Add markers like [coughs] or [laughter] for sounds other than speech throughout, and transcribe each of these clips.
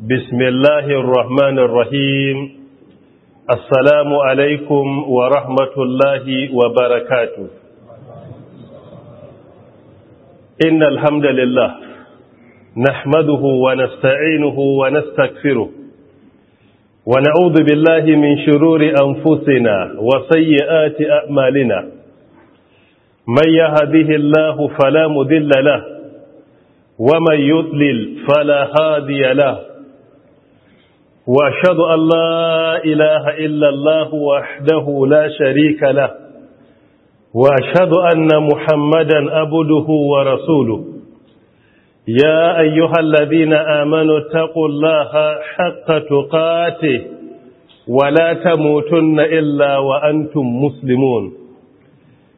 بسم الله الرحمن الرحيم السلام عليكم ورحمة الله وبركاته إن الحمد لله نحمده ونستعينه ونستكفره ونعوذ بالله من شرور أنفسنا وسيئات أعمالنا من يهده الله فلا مذل له ومن يضلل فلا هادي له وأشهد أن لا إله إلا الله وحده لا شريك له وأشهد أن محمدا عبده ورسوله يا أيها الذين آمنوا اتقوا الله حق تقاته ولا تموتن إلا وأنتم مسلمون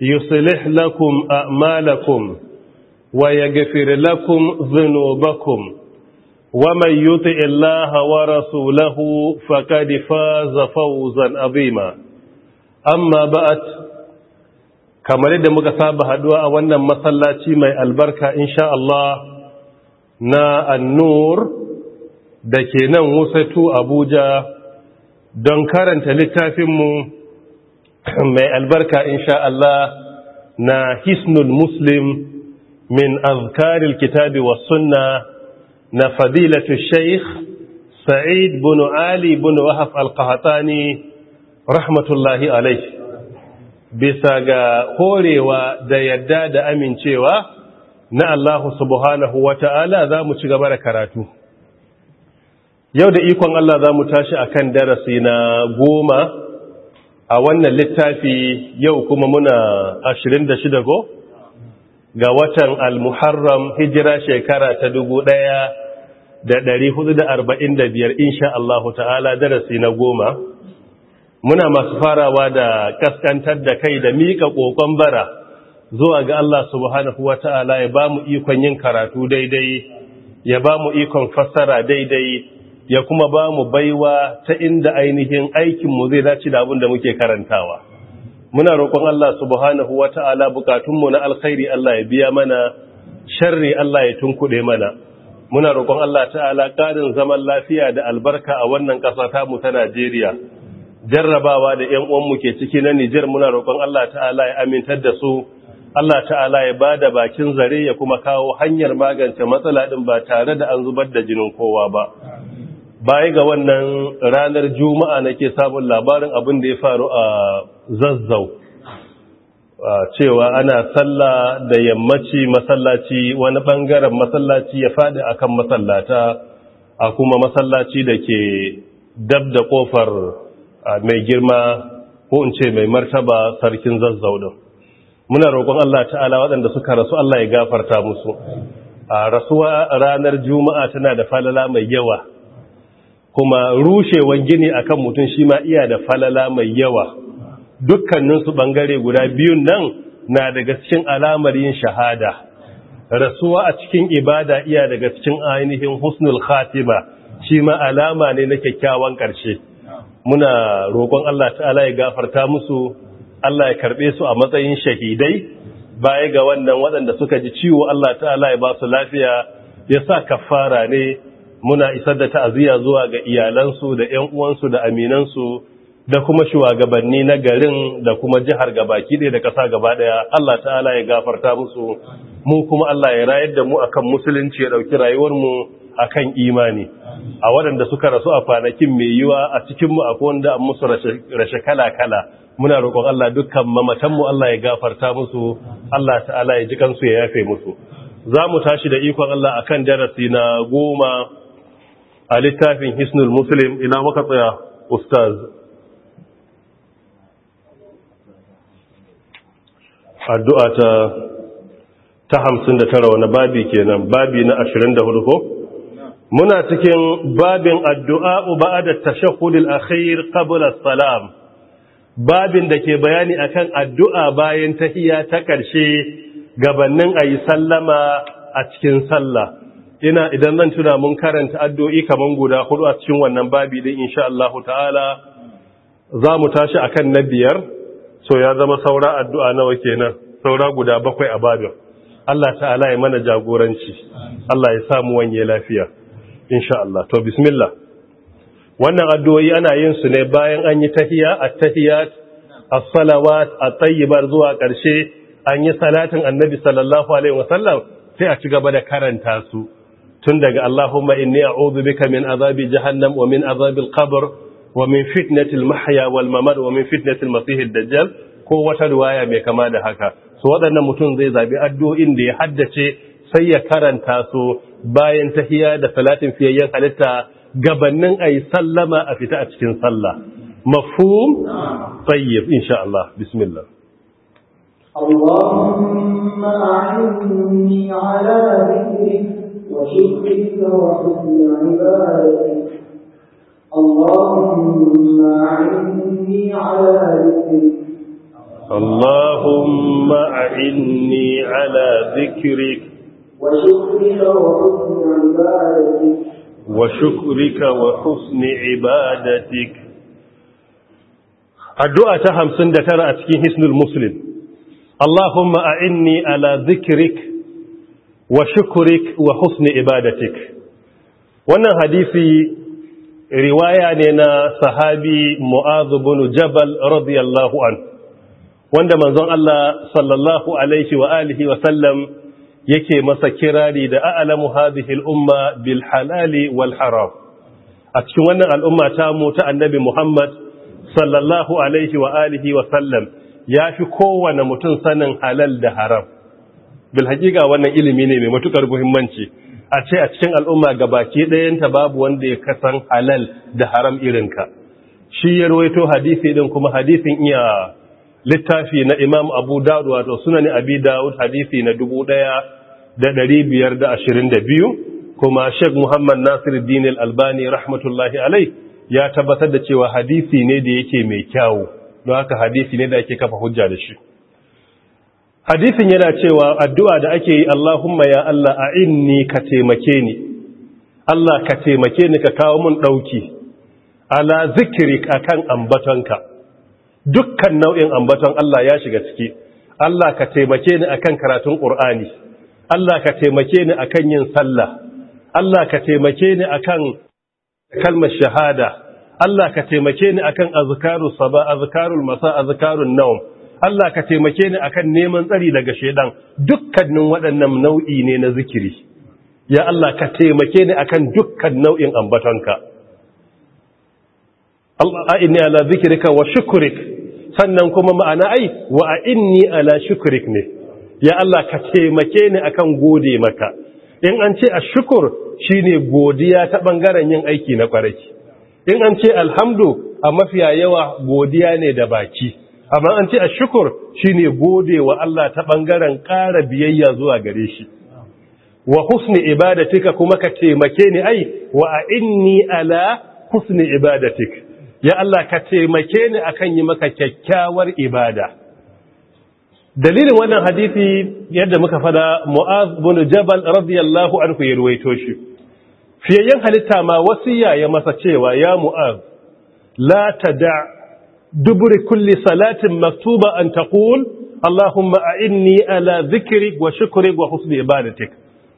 يصلح لكم أعمالكم ويغفر لكم ذنوبكم ومن يطع الله ورسوله فقد فاز فوزا عظيما أما بعد kamar yadda muka saba haduwa a wannan masallaci mai albarka insha Allah na annur da ke nan wusatu Abuja don karanta littafinmu [coughs] mai albarka in sha Allah na hisnul muslim min azkaril kitabi wa sunna na fadilatu sheikh sa'id bin ali bin wahaf alqahtani rahmatullahi alayhi bisa ga horewa da yadda da amincewa na Allahu subhanahu wa ta'ala za mu ci gaba da karatu yau da ikon Allah za mu tashi kan darasi na goma a wannan littafi yau kuma muna 26 go ga watan al-muharram hijira shekara ta 1445 insha Allah ta'ala darasi na goma muna masu farawa da kaskantar da kai da mika kokon bara zuwa ga Allah subhanahu wa ta'ala ya bamu ikon yin karatu daidai ya bamu ikon fassara daidai ya kuma ba mu baiwa ta inda ainihin aikinmu zai dace da abin da muke karantawa muna roƙon Allah subhanahu wata'ala bukatunmu na alkhairi Allah ya biya mana sharri Allah ya tunkuɗe mana muna roƙon Allah ta'ala ƙarin zaman lafiya da albarka a wannan ƙasa ta mu ta Najeriya jarrabawa da ƴan uwanmu ke ciki na Nijar muna roƙon Allah ta'ala ya amintar da su Allah ta'ala ya ba da bakin zare ya kuma kawo hanyar magance matsala ɗin ba tare da an zubar da jinin kowa ba baya ga wannan ranar juma'a nake sabon labarin abin da ya faru a zazzau cewa ana sallah da yammaci masallaci wani ɓangaren masallaci ya faɗi akan masallata a kuma masallaci da ke dab da kofar mai girma ko in ce mai martaba sarkin zazzau din muna roƙon Allah ta'ala waɗanda suka rasu Allah ya gafarta musu a rasuwa ranar juma'a tana da falala mai yawa kuma rushewan gini a kan mutum shi ma iya da falala mai yawa dukkaninsu ɓangare guda biyun nan na daga cikin alamar yin shahada rasuwa a cikin ibada iya daga cikin ainihin husnul khatima shi ma alama ne na kyakkyawan ƙarshe muna roƙon Allah ta'ala ya gafarta musu Allah ya karɓe su a matsayin shahidai baya ga wannan waɗanda suka ji ciwo Allah ta'ala ya ba su lafiya ya sa kafara ne muna isar da ta'aziyya zuwa ga iyalansu da ‘yan uwansu da aminansu da kuma shugabanni na garin da kuma jihar gabaki ɗaya da ƙasa gaba ɗaya Allah ta'ala ya gafarta musu mu kuma Allah ya rayar da mu akan musulunci ya ɗauki rayuwarmu akan imani a waɗanda suka rasu a kwanakin mai yiwa a cikinmu a wanda an musu rashe kala-kala muna roƙon Allah dukkan mamatanmu Allah ya gafarta musu Allah ta'ala ya ji kansu ya yafe musu za mu tashi da ikon Allah akan darasi na goma a littafin hisnul muslim ina maka tsaya ustaz addu'a ta ta hamsin da tara wani babi kenan babi na ashirin da hudu ko? muna cikin babin addu'a uba da tashahudul akhir qabla salam babin da ke bayani akan addu'a bayan tahiya ta ƙarshe gabanin ayi sallama a cikin sallah ina idan zan tuna mun karanta addu'o'i kaman guda hudu a cikin wannan babi din insha Allah ta'ala za mu tashi a kan na biyar so ya zama saura addu'a nawa kenan saura guda bakwai a babin Allah ta'ala ya mana jagoranci Allah ya samu wanye lafiya insha Allah to bismillah wannan addu'o'i ana yin su ne bayan an yi tahiyya at-tahiyyat as-salawat at zuwa ƙarshe an yi salatin annabi sallallahu alaihi wasallam sai a ci gaba da karanta su tun daga Allahumma inni a'udhu bika min azabi jahannam wa min azabil qabr wa min fitnatil mahya wal mamat wa min fitnatil masihid dajjal ko wata riwaya mai kama da haka so waɗannan mutum zai zabi addu'o'in da ya haddace sai ya karanta su bayan tahiyya da salatin fiyayyen halitta gabannin ayi sallama a fita a cikin sallah mafhum tayyib insha Allah bismillah اللهم على ذكرك وشكرك وحسن عبادتك اللهم أعني على ذكرك اللهم أعني على ذكرك وشكرك وحسن عبادتك وشكرك وحسن عبادتك الدعاء تهم سندتر أتكين حسن المسلم اللهم أعني على ذكرك wa shukurik wa husni ibadatik wannan hadisi riwaya ne na sahabi mu'azu bin jabal radiyallahu an wanda manzon Allah sallallahu alaihi wa alihi wa sallam yake masa kirari da a'lamu hadhihi al-umma bil halali wal haram a cikin wannan al'umma ta mu ta annabi Muhammad sallallahu alaihi wa alihi wa sallam ya fi kowane mutum sanin halal da haram bil wannan ilimi ne mai matukar muhimmanci a ce a cikin al'umma ga gabaki ɗayanta babu wanda ya kasan halal da haram irinka shi ya rawaito hadisi din kuma hadisin iya littafi na imam abu da'ud wato sunan abi da'ud hadisi na 1522 kuma sheikh muhammad nasiruddin al-albani rahmatullahi alai ya tabbatar da cewa hadisi ne da yake mai kyawu don haka hadisi ne da ake kafa hujja da shi hadisin yana cewa addu'a da ake yi Allahumma ya Allah a inni ka taimake ni Allah ka taimake ni ka kawo mun ɗauki ala zikirik kan ambatonka dukkan nau'in ambaton Allah ya shiga ciki Allah ka taimake ni akan karatun ƙur'ani Allah ka taimake ni akan yin sallah Allah ka taimake ni akan kalmar shahada Allah ka taimake ni akan azikarun saba azikarun masa azikarun naum. Allah ka taimake ni akan neman tsari daga shedan dukkanin waɗannan nau'i ne na zikiri ya Allah ka taimake ni akan dukkan nau'in ambatanka? Allah inni ala zikrika wa shukrik sannan kuma ma'ana ai wa inni ala shukrik ne ya Allah ka taimake ni akan gode maka in an ce ashkur shine godiya ta bangaren yin aiki na kwarai in an ce alhamdu a mafiya yawa godiya ne da baki amma an ce a shukur shi ne gode wa Allah ta ɓangaren ƙara biyayya zuwa gare shi wa husni ibadatika kuma ka taimake ni ai wa a inni ala husni ibadatik ya Allah ka taimake ni akan yi maka kyakkyawar ibada dalilin wannan hadisi yadda muka fada mu'az bin jabal radiyallahu anhu ya ruwaito shi fiyayyen halitta ma wasiya ya masa cewa ya mu'az la tada' duburi kulli salatin maktuba an Allahuma Allahumma a'inni ala zikri wa shukri wa husni ibadatik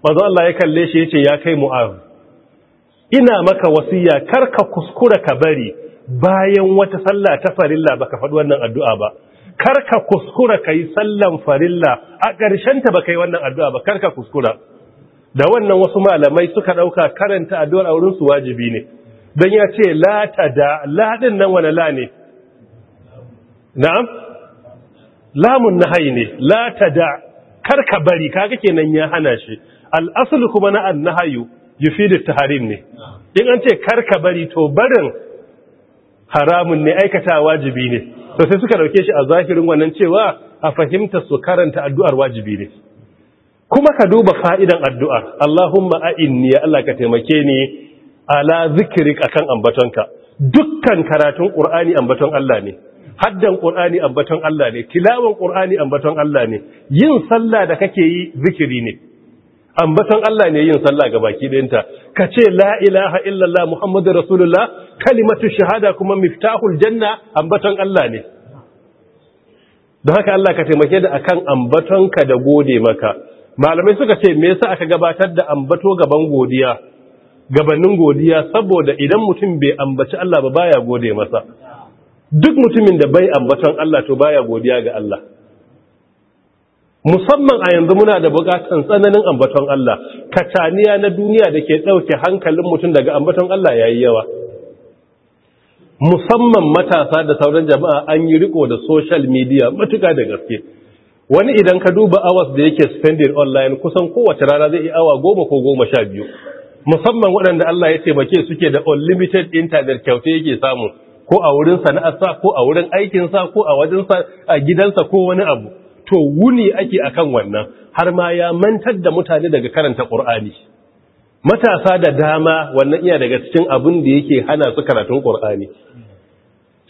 manzo Allah ya kalle shi yace ya kai mu'az ina maka wasiya ka kuskura ka bari bayan wata sallah ta farilla baka faɗi wannan addu'a ba karka kuskura kayi sallar farilla a ƙarshen ta baka yi wannan addu'a ba karka kuskura da wannan wasu malamai suka ɗauka karanta addu'ar wurin su wajibi ne don ya ce la ta da la nan wani la ne na'am lamun nahayi ne la da karka bari kaga kenan ya hana shi al-aslu kuma na an-nahyu yufidu tahrim ne in an ce karka bari to barin haramun ne aikata wajibi ne to sai suka dauke shi a zahirin wannan cewa a fahimta su karanta addu'ar wajibi ne kuma ka duba fa'idan addu'ar Allahumma a'inni ya Allah ka taimake ni ala zikirik akan ambatonka dukkan karatun ƙur'ani ambaton Allah ne haddan qur'ani ambaton Allah ne tilawan qur'ani ambaton Allah ne yin sallah da kake yi zikiri ne ambaton Allah ne yin sallah ga baki ka ce la ilaha illallah muhammadu rasulullah kalimatu shahada kuma miftahul janna ambaton Allah ne don haka Allah ka taimake da akan ka da gode maka malamai suka ce me yasa aka gabatar da ambato gaban godiya gabanin godiya saboda idan mutum bai ambaci Allah ba baya gode masa duk mutumin da bai ambaton Allah to baya godiya ga Allah musamman a yanzu muna da bukatan tsananin ambaton Allah kataniya na duniya da ke ɗauke hankalin mutum daga ambaton Allah yayi yawa musamman matasa da sauran jama'a an yi riko da social media matuka da gaske wani idan ka duba hours da yake spending online kusan kowace rana zai yi awa goma ko goma sha biyu musamman waɗanda Allah ya taimake suke da unlimited internet kyauta yake samu ko a wurin sana'arsa ko a wurin aikinsa ko a wajensa a gidansa ko wani abu to wuni ake akan wannan har ma ya mantar da mutane daga karanta ƙur'ani matasa da dama wannan iya daga cikin abin da yake hana su karatun qur'ani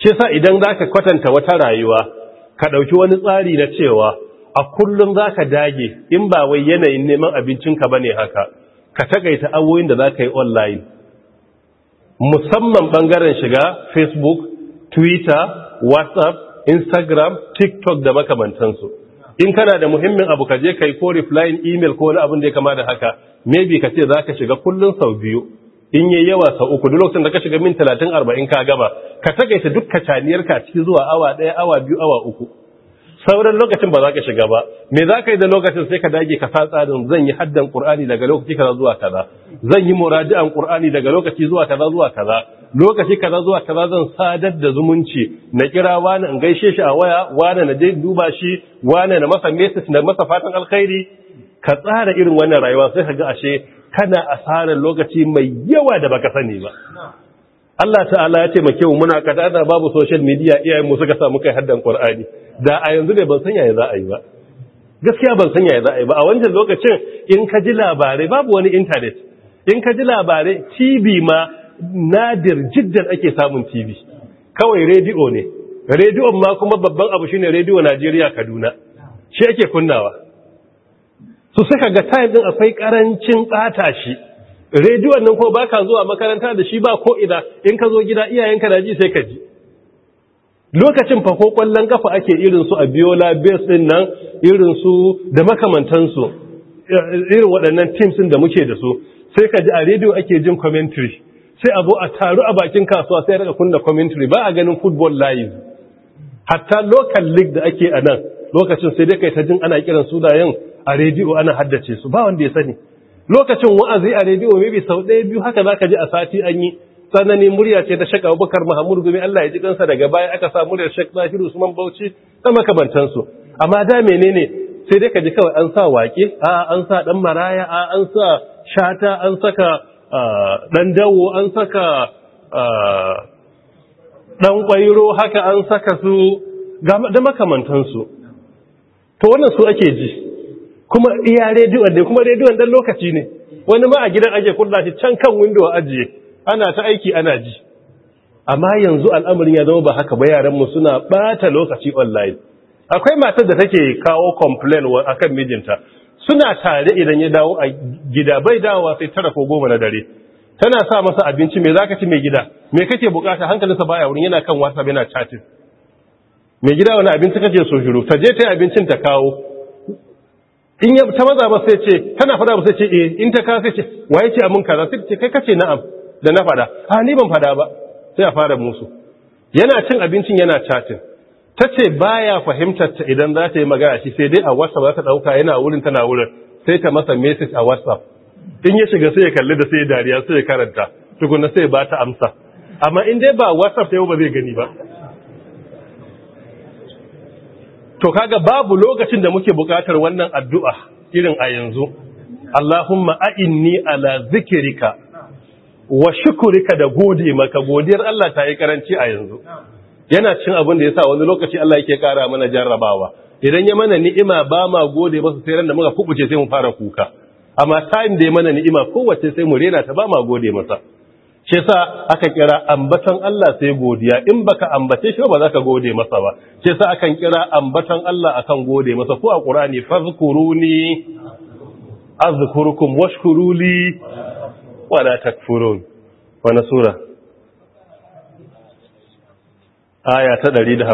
ce sa idan zaka kwatanta wata rayuwa ka ɗauki wani tsari na cewa a kullum za ka dage in ba wai yanayin neman abincinka ba ne haka ka taƙaita awoyin da za ka yi online musamman bangaren shiga facebook twitter whatsapp instagram tiktok da makamantansu in kana da muhimmin abu ka je kai ko reply email ko wani abin da ya kama da haka maybe ka ce za ka shiga kullum sau biyu in yi yawa sau uku duk lokacin da ka shiga min 30-40 ka gaba ka takaita duk kacaniyar ka ciki zuwa awa ɗaya awa biyu awa uku sauran lokacin ba za ka shiga ba me za ka yi da lokacin sai ka dage ka sa tsarin zan yi haddan qur'ani daga lokaci kaza zuwa kaza zan yi muraji'an qur'ani daga lokaci zuwa kaza zuwa kaza lokaci kaza zuwa kaza zan sadar da zumunci na kira wani in gaishe shi a waya wani na dai duba shi wani na masa message na masa fatan alkhairi ka tsara irin wannan rayuwa sai ka ga ashe kana asarar lokaci mai yawa da baka sani ba Allah ta'ala ya ce ma mu muna kadada babu social media iyayen mu suka samu kai haddan Qur'ani da a yanzu ne ban san yaya za a yi ba gaskiya ban san yaya za a yi ba a wancan lokacin in ka ji labarai babu wani internet in ka ji labarai TV ma nadir jiddan ake samun TV kawai radio ne radio ma kuma babban abu shine radio Najeriya Kaduna shi ake kunnawa su suka ga time din akwai karancin tsata shi rediyon nan ko ka zuwa makaranta da shi ba ko ida in ka zo gida iyayenka ka ji sai ka ji lokacin fa ko kwallon kafa ake irin su biyo base din nan irin su da makamantansu irin waɗannan teams da muke da su sai ka ji a rediyo ake jin commentary sai a a taru a bakin kasuwa sai daga kunna commentary ba a ganin football live hatta local league da ake a nan lokacin sai dai kai ta jin ana kiran sunayen a rediyo ana haddace su ba wanda ya sani lokacin wa'azi a rediyo bi sau ɗaya biyu haka za ka ji a sati an yi tsanani murya ce ta shaƙa bukar Muhammad Gumi Allah ya ji kansa daga baya aka sa muryar Sheikh Zahir man Bauchi ta makamantansu amma da menene sai dai ka ji kawai an sa waƙe a an sa ɗan maraya a an sa shata an saka ɗan dawo an saka ɗan kwairo haka an saka su da makamantansu. to wannan su ake ji kuma iya rediyon ne kuma rediyon dan lokaci ne wani ma a gidan ake kunna shi can kan windo ajiye ana ta aiki ana ji amma yanzu al'amarin ya zama ba haka ba yaran mu suna bata lokaci online akwai matar da take kawo complain akan mijinta suna tare idan ya dawo a gida bai dawowa sai tara ko goma na dare tana sa masa abinci me zaka ci mai gida me kake bukata hankalinsa baya wurin yana kan whatsapp yana chatting mai gida wani abinci kake so shiru ta je ta yi abincin ta kawo in ya ta maza ba sai ce tana fada ba sai ce eh in ta ka sai ce waye ce amin kaza sai ce kai kace na'am da na fada a ni ban fada ba sai a fara musu yana cin abincin yana chatin tace baya fahimtar ta idan za ta yi magana shi sai dai a WhatsApp za ta dauka yana wurin tana wurin sai ta masa message a WhatsApp in ya shiga sai ya kalli da sai dariya sai ya karanta tukunna sai ba ta amsa amma in dai ba WhatsApp yau ba zai gani ba to kaga babu lokacin da muke bukatar wannan addu'a irin a yanzu Allahumma a'inni ala zikirika wa shukurika da gode maka godiyar Allah ta yi karanci a yanzu yana cin abin da ya sa wani lokaci Allah yake kara mana jarrabawa idan ya mana ni'ima ba ma gode masa sai ran da muka kubuce sai mu fara kuka amma time da ya mana ni'ima kowace sai mu rena ta ba ma gode masa ce sa aka kira ambatan Allah sai godiya in baka ambace shi ba za ka gode masa ba ce sa akan kira ambatan Allah akan gode masa ko a Qur'ani fazkuruni azkurukum washkuruli wala takfurun wani sura aya ta 152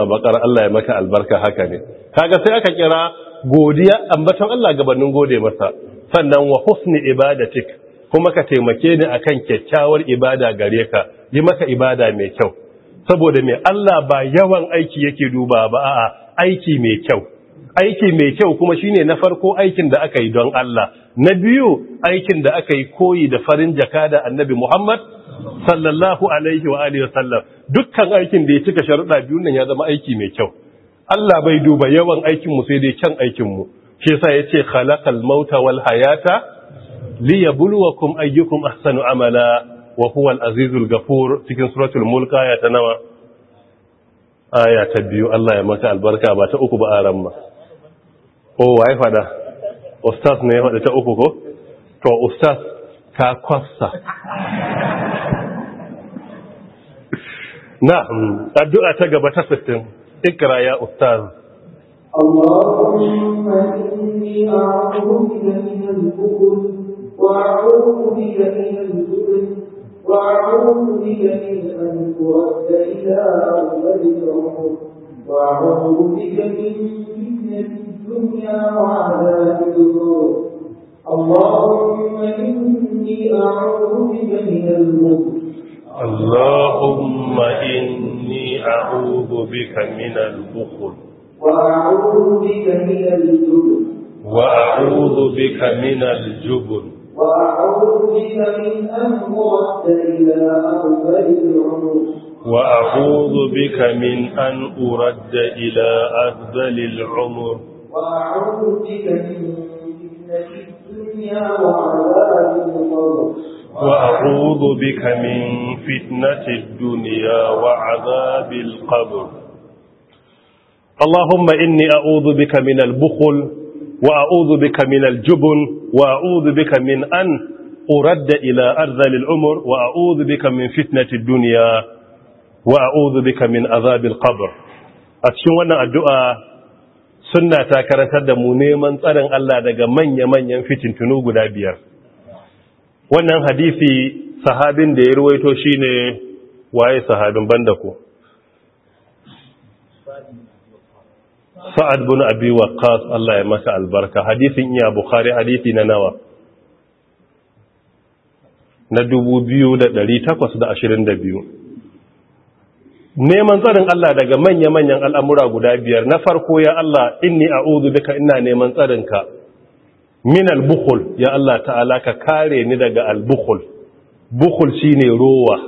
a bakar Allah ya maka albarka haka ne kaga sai aka kira godiya ambatan Allah gabanin gode masa sannan wa husni ibadatik kuma ka taimake ni akan kyakkyawar ibada gare ka yi maka ibada mai kyau saboda mai Allah ba yawan aiki yake duba ba a'a aiki mai kyau aiki mai kyau kuma shine na farko aikin da aka yi don Allah na biyu aikin da aka yi koyi da farin jaka da annabi Muhammad sallallahu alaihi wa alihi wasallam dukkan aikin da ya cika sharuɗa biyun nan ya zama aiki mai kyau Allah bai duba yawan aikin mu sai dai kyan aikin mu shi yasa yace khalaqal mauta wal hayata liyabluwakum ayyukum ahsanu amala wa huwa al-azizul ghafur cikin suratul mulk aya ta nawa aya ta biyu Allah ya maka albarka ba ta uku ba aran ma oh wai fada ustaz ne ya fada ta uku ko to ustaz ka kwasa. na'am addu'a ta gaba ta 60 ikra ya ustaz اللهم إني أعوذ بك من البخل وأعوذ بك من الجبن وأعوذ بك من أن ترد إلى أرض العمر وأعوذ بك من فتنة الدنيا وعذاب القبر اللهم إني أعوذ بك من الموت اللهم إني أعوذ بك من البخل وأعوذ بك من الجبن وأعوذ بك من الجبن وأعوذ بك من أن أرد إلى أرض العمر وأعوذ بك من أن أرد إلى أفضل العمر وأعوذ بك من فتنة الدنيا وعذاب القبر وأعوذ بك من فتنة الدنيا وعذاب القبر اللهم إني أعوذ بك من البخل وأعوذ بك من الجبن وأعوذ بك من أن أرد إلى أرذل العمر وأعوذ بك من فتنة الدنيا وأعوذ بك من عذاب القبر أتشون وانا الدعاء سنة تاكرة دمو نيمان ترن الله دقا من يمن ينفتن تنوغ دابير وانا حديثي صحابين دي رويتو شيني waye sahabin banda ko sa'ad bin abi waqqas Allah ya masa albarka hadisin iya bukhari hadisi na nawa na biyu. neman tsarin Allah daga manya-manyan al'amura guda biyar na farko ya Allah inni uzu duka ina neman tsarinka min albukul ya Allah ta'ala ka kare ni daga albukul bukul shi shine rowa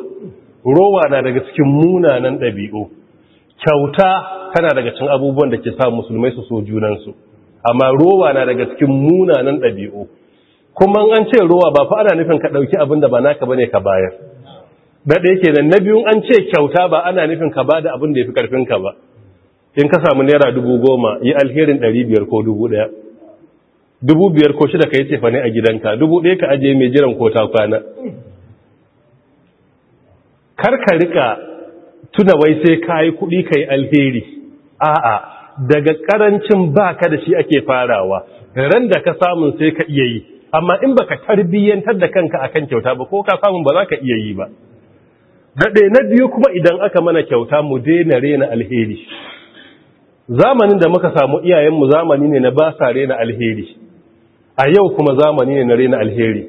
rowa na daga cikin munanan ɗabi'u kyauta tana daga cin abubuwan da ke sa musulmai su so junansu amma rowa na daga cikin munanan ɗabi'u kuma an ce rowa ba fa ana nufin ka ɗauki abin da ba naka ne ka bayar da ɗaya ke nan na biyun an ce kyauta ba ana nufin ka ba da abin da ya fi ƙarfinka ba in ka samu naira dubu goma yi alherin ɗari biyar ko dubu ɗaya dubu biyar ko shida ka yi cefa a gidanka dubu ɗaya ka ajiye mai jiran ko ta kwana ka rika tuna wai sai ka yi kuɗi ka yi alheri a'a daga ƙarancin ka da shi ake farawa ran da ka samun sai ka iya yi amma in baka tarbiyyantar da kanka akan kyauta ba ko ka samun ba za ka iya yi ba daɗe na biyu kuma idan aka mana kyauta mu daina rena alheri zamanin da muka samu iyayenmu zamani ne na ba sa rena alheri a yau kuma zamani ne na rena alheri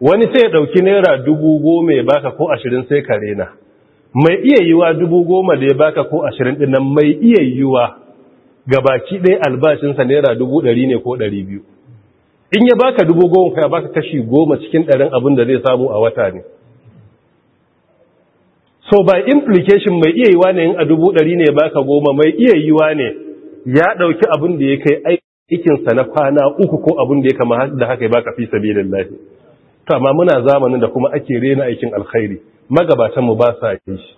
wani sai ya ɗauki naira dubu goma ya baka ko ashirin sai ka rena mai iya yiwa dubu goma da ya baka ko ashirin ɗin mai iya yiwa ga baki ɗaya albashinsa naira dubu ɗari ne ko ɗari biyu in ya baka dubu goma ka baka kashi goma cikin ɗarin abin da zai samu a wata ne so by implication mai iya yiwa ne in a dubu ɗari ne baka goma mai iya yiwa ne ya ɗauki abin da ya kai aikinsa na kwana uku ko abin da ya kama da haka ya baka fi sabilillahi to amma muna zamanin da kuma ake rena aikin alkhairi magabatanmu ba sa yi shi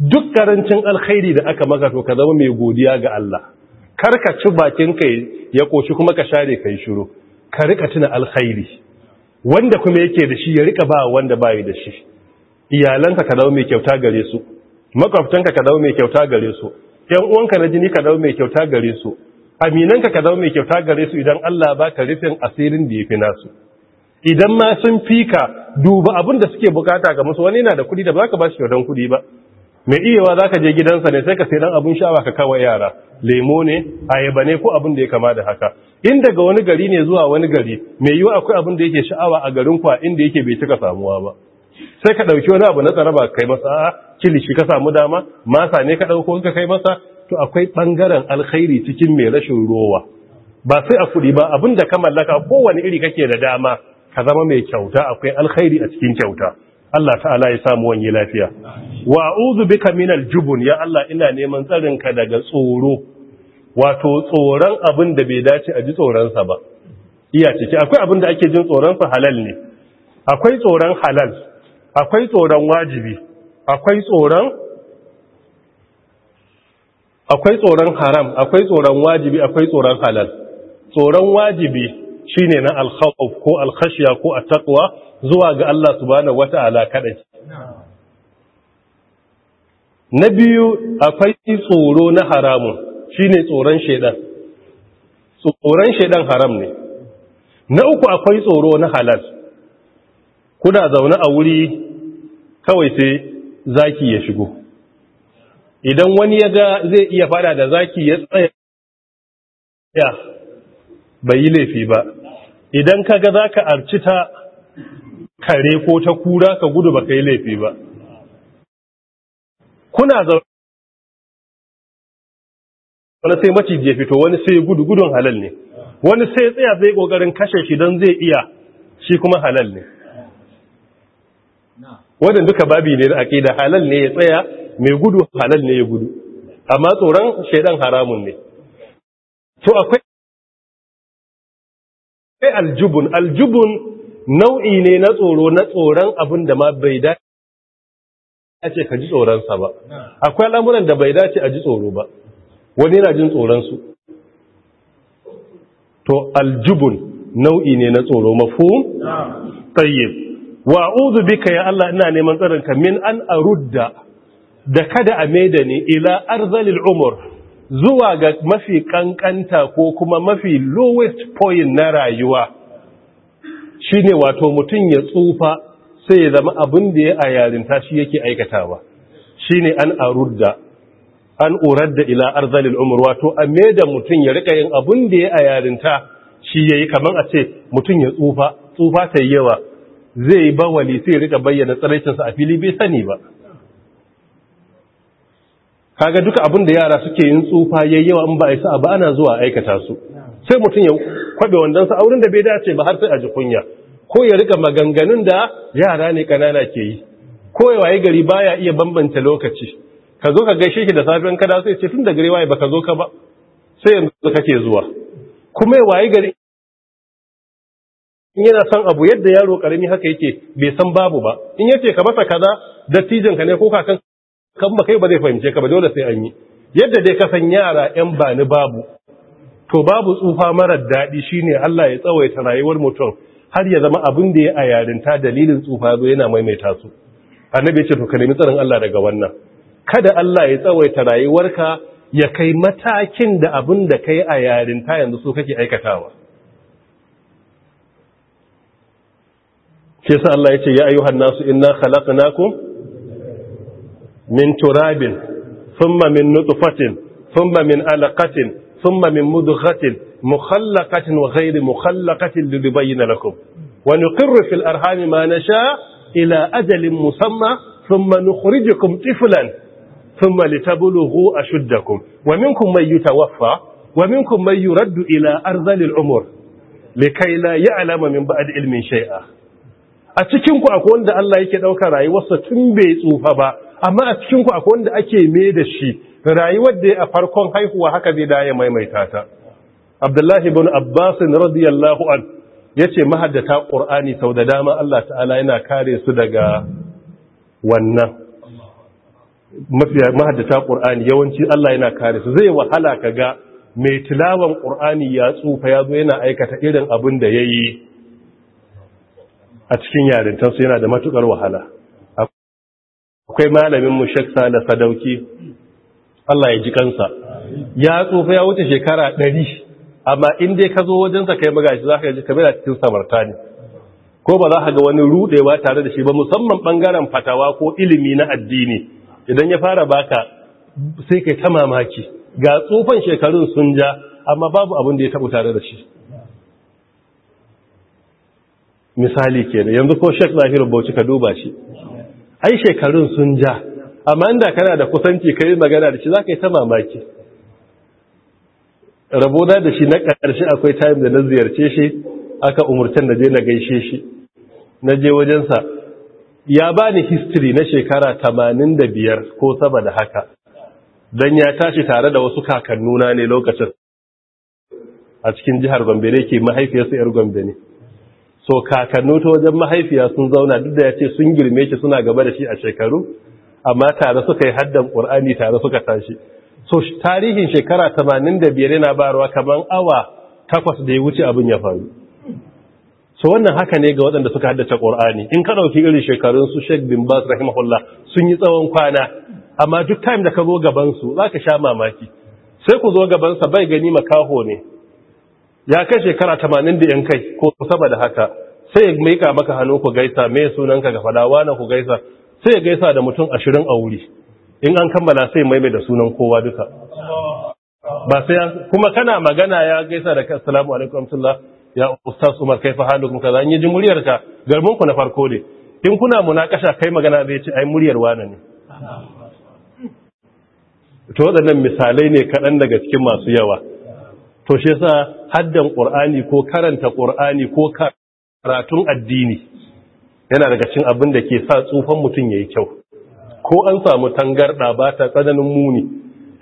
duk karancin alkhairi da aka maka to ka zama mai godiya ga Allah kar ka ci bakin kai ya koshi kuma ka share kai shiru ka rika tuna alkhairi wanda kuma yake da shi ya rika ba wanda bai da shi iyalanka ka zama mai kyauta gare su makwabtanka ka zama mai kyauta gare su ƴan uwanka na jini ka zama mai kyauta gare su aminanka ka zama mai kyauta gare su idan Allah ba ka rufin asirin da yafi nasu idan ma sun fika duba abin da suke bukata ga musu wani yana da kudi da ba ka ba shi kyautan kudi ba mai iyawa za ka je gidansa ne sai ka sai dan abin sha'awa ka kawai yara lemo ne ayaba ne ko abin da ya kama da haka in daga wani gari ne zuwa wani gari mai yiwu akwai abin da yake sha'awa a garin ku a inda yake bai cika samuwa ba sai ka dauki wani abu na tsaraba kai masa a kilishi ka samu dama masa ne ka dauko ka kai masa to akwai bangaren alkhairi cikin mai rashin rowa ba sai a kudi ba abin da ka mallaka kowane iri kake da dama ka zama mai kyauta akwai alkhairi a cikin kyauta Allah ta'ala ya samu wani lafiya wa a'udhu bika min jubun ya Allah ina neman tsarin ka daga tsoro wato tsoron abin da bai dace a ji tsoron sa ba iya ciki akwai abin da ake jin tsoron sa halal ne akwai tsoron halal akwai tsoron wajibi akwai tsoron akwai tsoron haram akwai tsoron wajibi akwai tsoron halal tsoron wajibi shine na alkhawf ko alkhashiya ko at zuwa ga Allah subhanahu wata'ala kadai na biyu akwai tsoro na haramun shine tsoron shedan tsoron shedan haram ne na uku akwai tsoro na halal kuna zaune a wuri kawai sai zaki ya shigo idan wani ya ga zai iya fada da zaki ya tsaya bai yi laifi ba idan ka ga za ka arci ta kare ko ta kura ka gudu ba ka yi laifi ba kuna zaune wani sai maci ya fito wani sai gudu gudun halal ne wani sai tsaya zai kokarin kashe shi don zai iya shi kuma halal ne wadanda duka babi ne da da halal ne ya tsaya mai gudu halal ne ya gudu amma tsoron shaidan haramun ne to akwai sai aljubun aljubun nau'i ne na tsoro na tsoron abin da ma bai dace ka ji tsoronsa ba akwai al'amuran da bai dace a ji tsoro ba wani yana jin tsoronsu to aljubun nau'i ne na tsoro mafhum tsaye. wa uzu bika ya Allah ina neman tsaronka? min an arudda da kada a maida ne ila arzalil umur zuwa ga mafi kankanta ko kuma mafi lowest point na rayuwa shine wato mutum ya tsufa sai ya zama abin da ya a yarinta shi yake aikatawa shine an arudda an urar da ila zalil, Umar wato a da mutum ya rika yin abin da ya a yarinta shi ya yi kamar a ce mutum ya tsufa tsufa ta yawa zai yi bawali sai rika bayyana tsaraicinsa a fili bai sani ba kaga duka abin da yara suke yin tsufa yayi yawa in ba a isa ba ana zuwa aikata su sai mutum ya kwabe wandansa auren da bai dace ba har sai a ji kunya ko ya rika maganganun da yara ne kanana ke yi ko ya waye gari baya iya bambanta lokaci ka zo ka gaishe shi da safiyan kada sai ce tun da gari waye baka zo ka ba sai yanzu kake zuwa kuma ya waye gari in yana san abu yadda yaro karami haka yake bai san babu ba in yace ka masa kaza dattijan ka ne ko kakan kan ba kai ba zai fahimce ka ba dole sai an yi yadda dai ka san yara yan bani babu to babu tsufa marar daɗi shine Allah ya tsawaita rayuwar mutum har ya zama abin da ya a yarinta dalilin tsufa zo yana maimaita su annabi ya ce to ka nemi tsarin Allah daga wannan kada Allah ya tsawaita rayuwarka ya kai matakin da abin da kai a yarinta yanzu so kake aikatawa ke sa Allah ya ce ya ayyuhan nasu inna khalaqnakum من تراب ثم من نطفة ثم من علقة ثم من مدغة مخلقة وغير مخلقة لنبين لكم ونقر في الأرحام ما نشاء إلى أجل مسمى ثم نخرجكم طفلا ثم لتبلغوا أشدكم ومنكم من يتوفى ومنكم من يرد إلى أرذل العمر لكي لا يعلم من بعد علم شيئا a أقول أن الله Allah yake ɗauka rayuwarsa amma a cikin ku akwai wanda ake me da shi rayuwar da a farkon haihuwa haka zai da ya maimaita ta Abdullahi ibn Abbas radiyallahu an yace mahaddata Qur'ani sau da dama Allah ta'ala yana kare su daga wannan mahaddata qur'ani yawanci Allah yana kare su zai wahala ka ga mai tilawan ƙur'ani ya tsufa yazo yana aikata irin abin da yayi a cikin yarintansu yana da matukar wahala akwai malamin mu shaksa da sadauki Allah ya ji kansa ya tsufa ya wuce shekara ɗari amma in dai ka zo wajensa kai magashi za ka ji kamar cikin samarta ne ko ba za ka ga wani rudewa tare da shi ba musamman bangaren fatawa ko ilimi na addini idan ya fara baka sai kai ta mamaki ga tsufan shekarun sun ja amma babu abin da ya tabu tare da shi misali kenan yanzu ko shek zahirin bauchi ka duba shi ai shekarun sun ja amma inda kana da kusanci kai magana da shi za ka yi ta mamaki rabona da shi na ƙarshe akwai time da na ziyarce shi aka umurtan da je na gaishe shi na je wajensa ya bani ni history na shekara tamanin da biyar ko sama da haka Dan ya tashi tare da wasu kakannuna ne lokacin a cikin jihar gombe ne ke mahaifiyarsa 'yar gombe ne so kakannu ta wajen mahaifiya sun zauna duk da ya ce sun girme ki suna gaba da shi a shekaru amma tare suka yi haddan ƙur'ani tare suka tashi so tarihin shekara 85 yana barwa kamar awa takwas da ya wuce abin ya faru so wannan haka ne ga waɗanda suka haddace ƙur'ani in ka ɗauki irin shekarun su Sheikh bin Bas rahimahullah sun yi tsawon kwana amma duk time da ka zo gabansu su ka sha mamaki sai ku zo gabansa bai gani makaho ne ya kai shekara tamanin da yan kai ko saboda da haka sai ya mika maka hannu ku gaisa me sunanka ga fadawa na ku gaisa sai ya gaisa da mutum ashirin a wuri in an kammala sai maimai da sunan kowa duka ba sai kuma kana magana ya gaisa da salamu alaikum warahmatullah ya ustaz Umar kaifa halukum kaza an yaji muryarka garbin ku na farko ne in kuna munakasha kai magana zai ci, ai muryar wani ne to wadannan misalai ne kaɗan daga cikin masu yawa to shi yasa haddan qur'ani ko karanta qur'ani ko karatun addini yana daga cikin abin da ke sa tsufan mutum yayi kyau ko an samu tangarɗa ba ta tsananin muni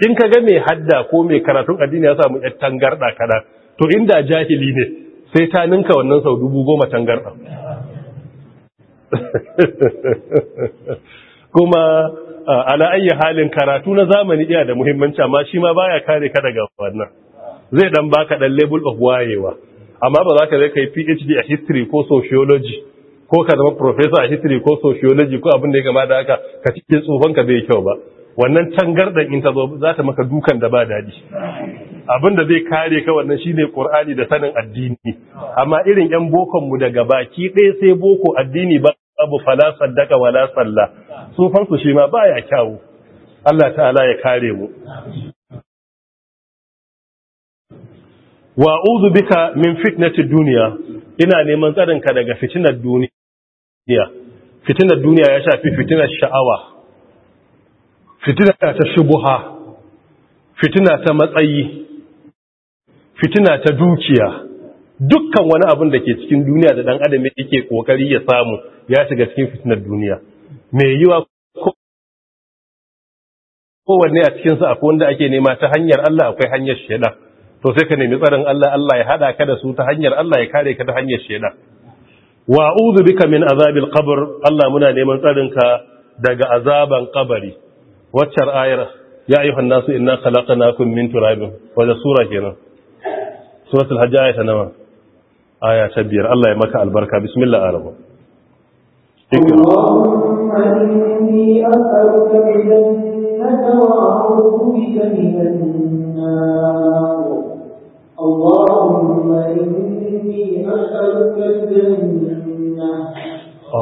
in ka ga mai hadda ko mai karatun addini ya samu yar tangarda kada to inda jahili ne sai ta ninka wannan sau dubu goma tangarda [laughs] kuma ala ayyi halin karatu na zamani iya da muhimmanci amma shi ma baya kare ka daga wannan zai dan baka dan Label of wayewa amma ba za ka zai kai PhD a history ko sociology ko ka zama professor a history ko sociology ko abin da ya gama da haka ka cikin tsufan ka bai kyau ba wannan tangardan in ta zo za ta maka dukan da ba dadi abin da zai kare ka wannan shine Qur'ani da sanin addini amma irin yan bokon mu daga baki ɗaya sai boko addini ba abu fala saddaka wala salla Tsofansu shi ma baya kyawu Allah ta'ala ya kare mu wa uzu bika min fitnati duniya ina neman tsarinka daga fitinar duniya fitinar duniya ya shafi fitinar sha'awa fitina ta shubuha fitina ta matsayi fitina ta dukiya dukkan wani abin da ke cikin duniya da dan adam yake kokari ya samu ya shiga cikin fitinar duniya me yiwa kowanne a su akwai wanda ake nema ta hanyar Allah akwai hanyar shaitan to sai ka nemi tsarin Allah Allah ya hada ka da su ta hanyar Allah ya kare ka ta hanyar shela wa a'udhu bika min azabil qabr Allah muna neman tsarin ka daga azaban kabari waccar ayar ya ayyuhan nasu inna khalaqnakum min turabin wala sura kenan suratul hajj ayata nawa aya ta biyar Allah ya maka albarka bismillah araba Allahumma inni as'aluka bi jannati wa a'udhu bika اللهم إني أسألك الجنة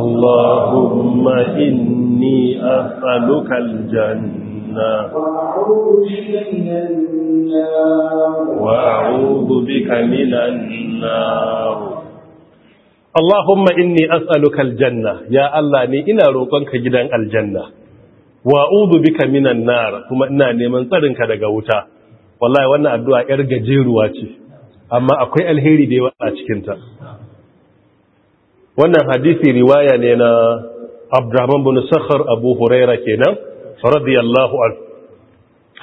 اللهم إني أسألك الجنة وأعوذ بك من النار وأعوذ بك من النار Allahumma inni as'aluka janna. ya Allah ne ina roƙonka gidan aljanna wa a'udhu bika minan nar kuma ina neman tsarinka daga wuta wallahi wannan addu'a ‘yar gajeruwa ce amma akwai alheri da yawa a cikinta wannan hadisi riwaya ne na abdurrahman bin sakhar abu huraira kenan radiyallahu an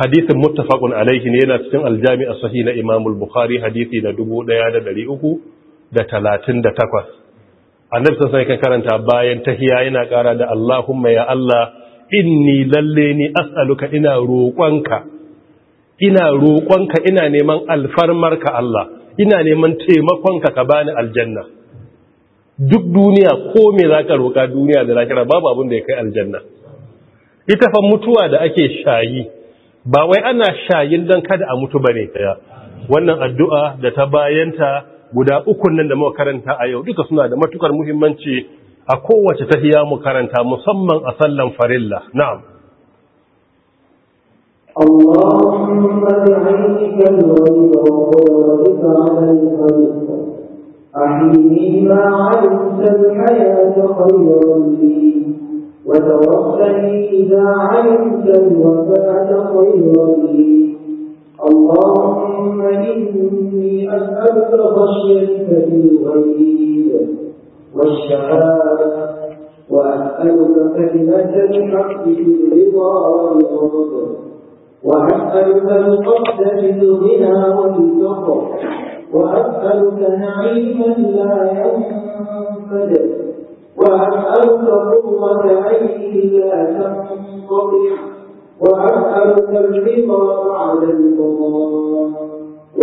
hadisin muttafaqun alaihi ne yana cikin aljami a sahi na imamul bukhari hadisi na 1338 annabi sai kan karanta bayan tahiya yana kara da allahumma ya allah inni lalle ni as'aluka ina roƙonka ina roƙonka ina neman alfarmarka Allah ina neman taimakonka ka bani aljanna duk duniya ko me za ka roƙa duniya da lahira babu abin da ya kai aljanna ita fa mutuwa da ake shayi ba wai ana shayin don kada a mutu bane ne. wannan addu'a da ta bayanta guda uku nan da muka karanta a yau duka suna da matukar muhimmanci a kowace tahiya mu karanta musamman a sallan farilla na'am اللهم بعينك الغيب وقدرتك على الخلق أحيني ما علمت الحياة خيرا لي وتوفني إذا علمت الوفاة خيرا لي اللهم إني أسألك خشيتك في الغيب والشهادة وأسألك كلمة الحق في الرضا والغضب وأسألك القصد في الغنى والفقر وأسألك نعيما لا ينفد وأسألك قوة عين لا تنقطع وأسألك الرضا بعد القضاء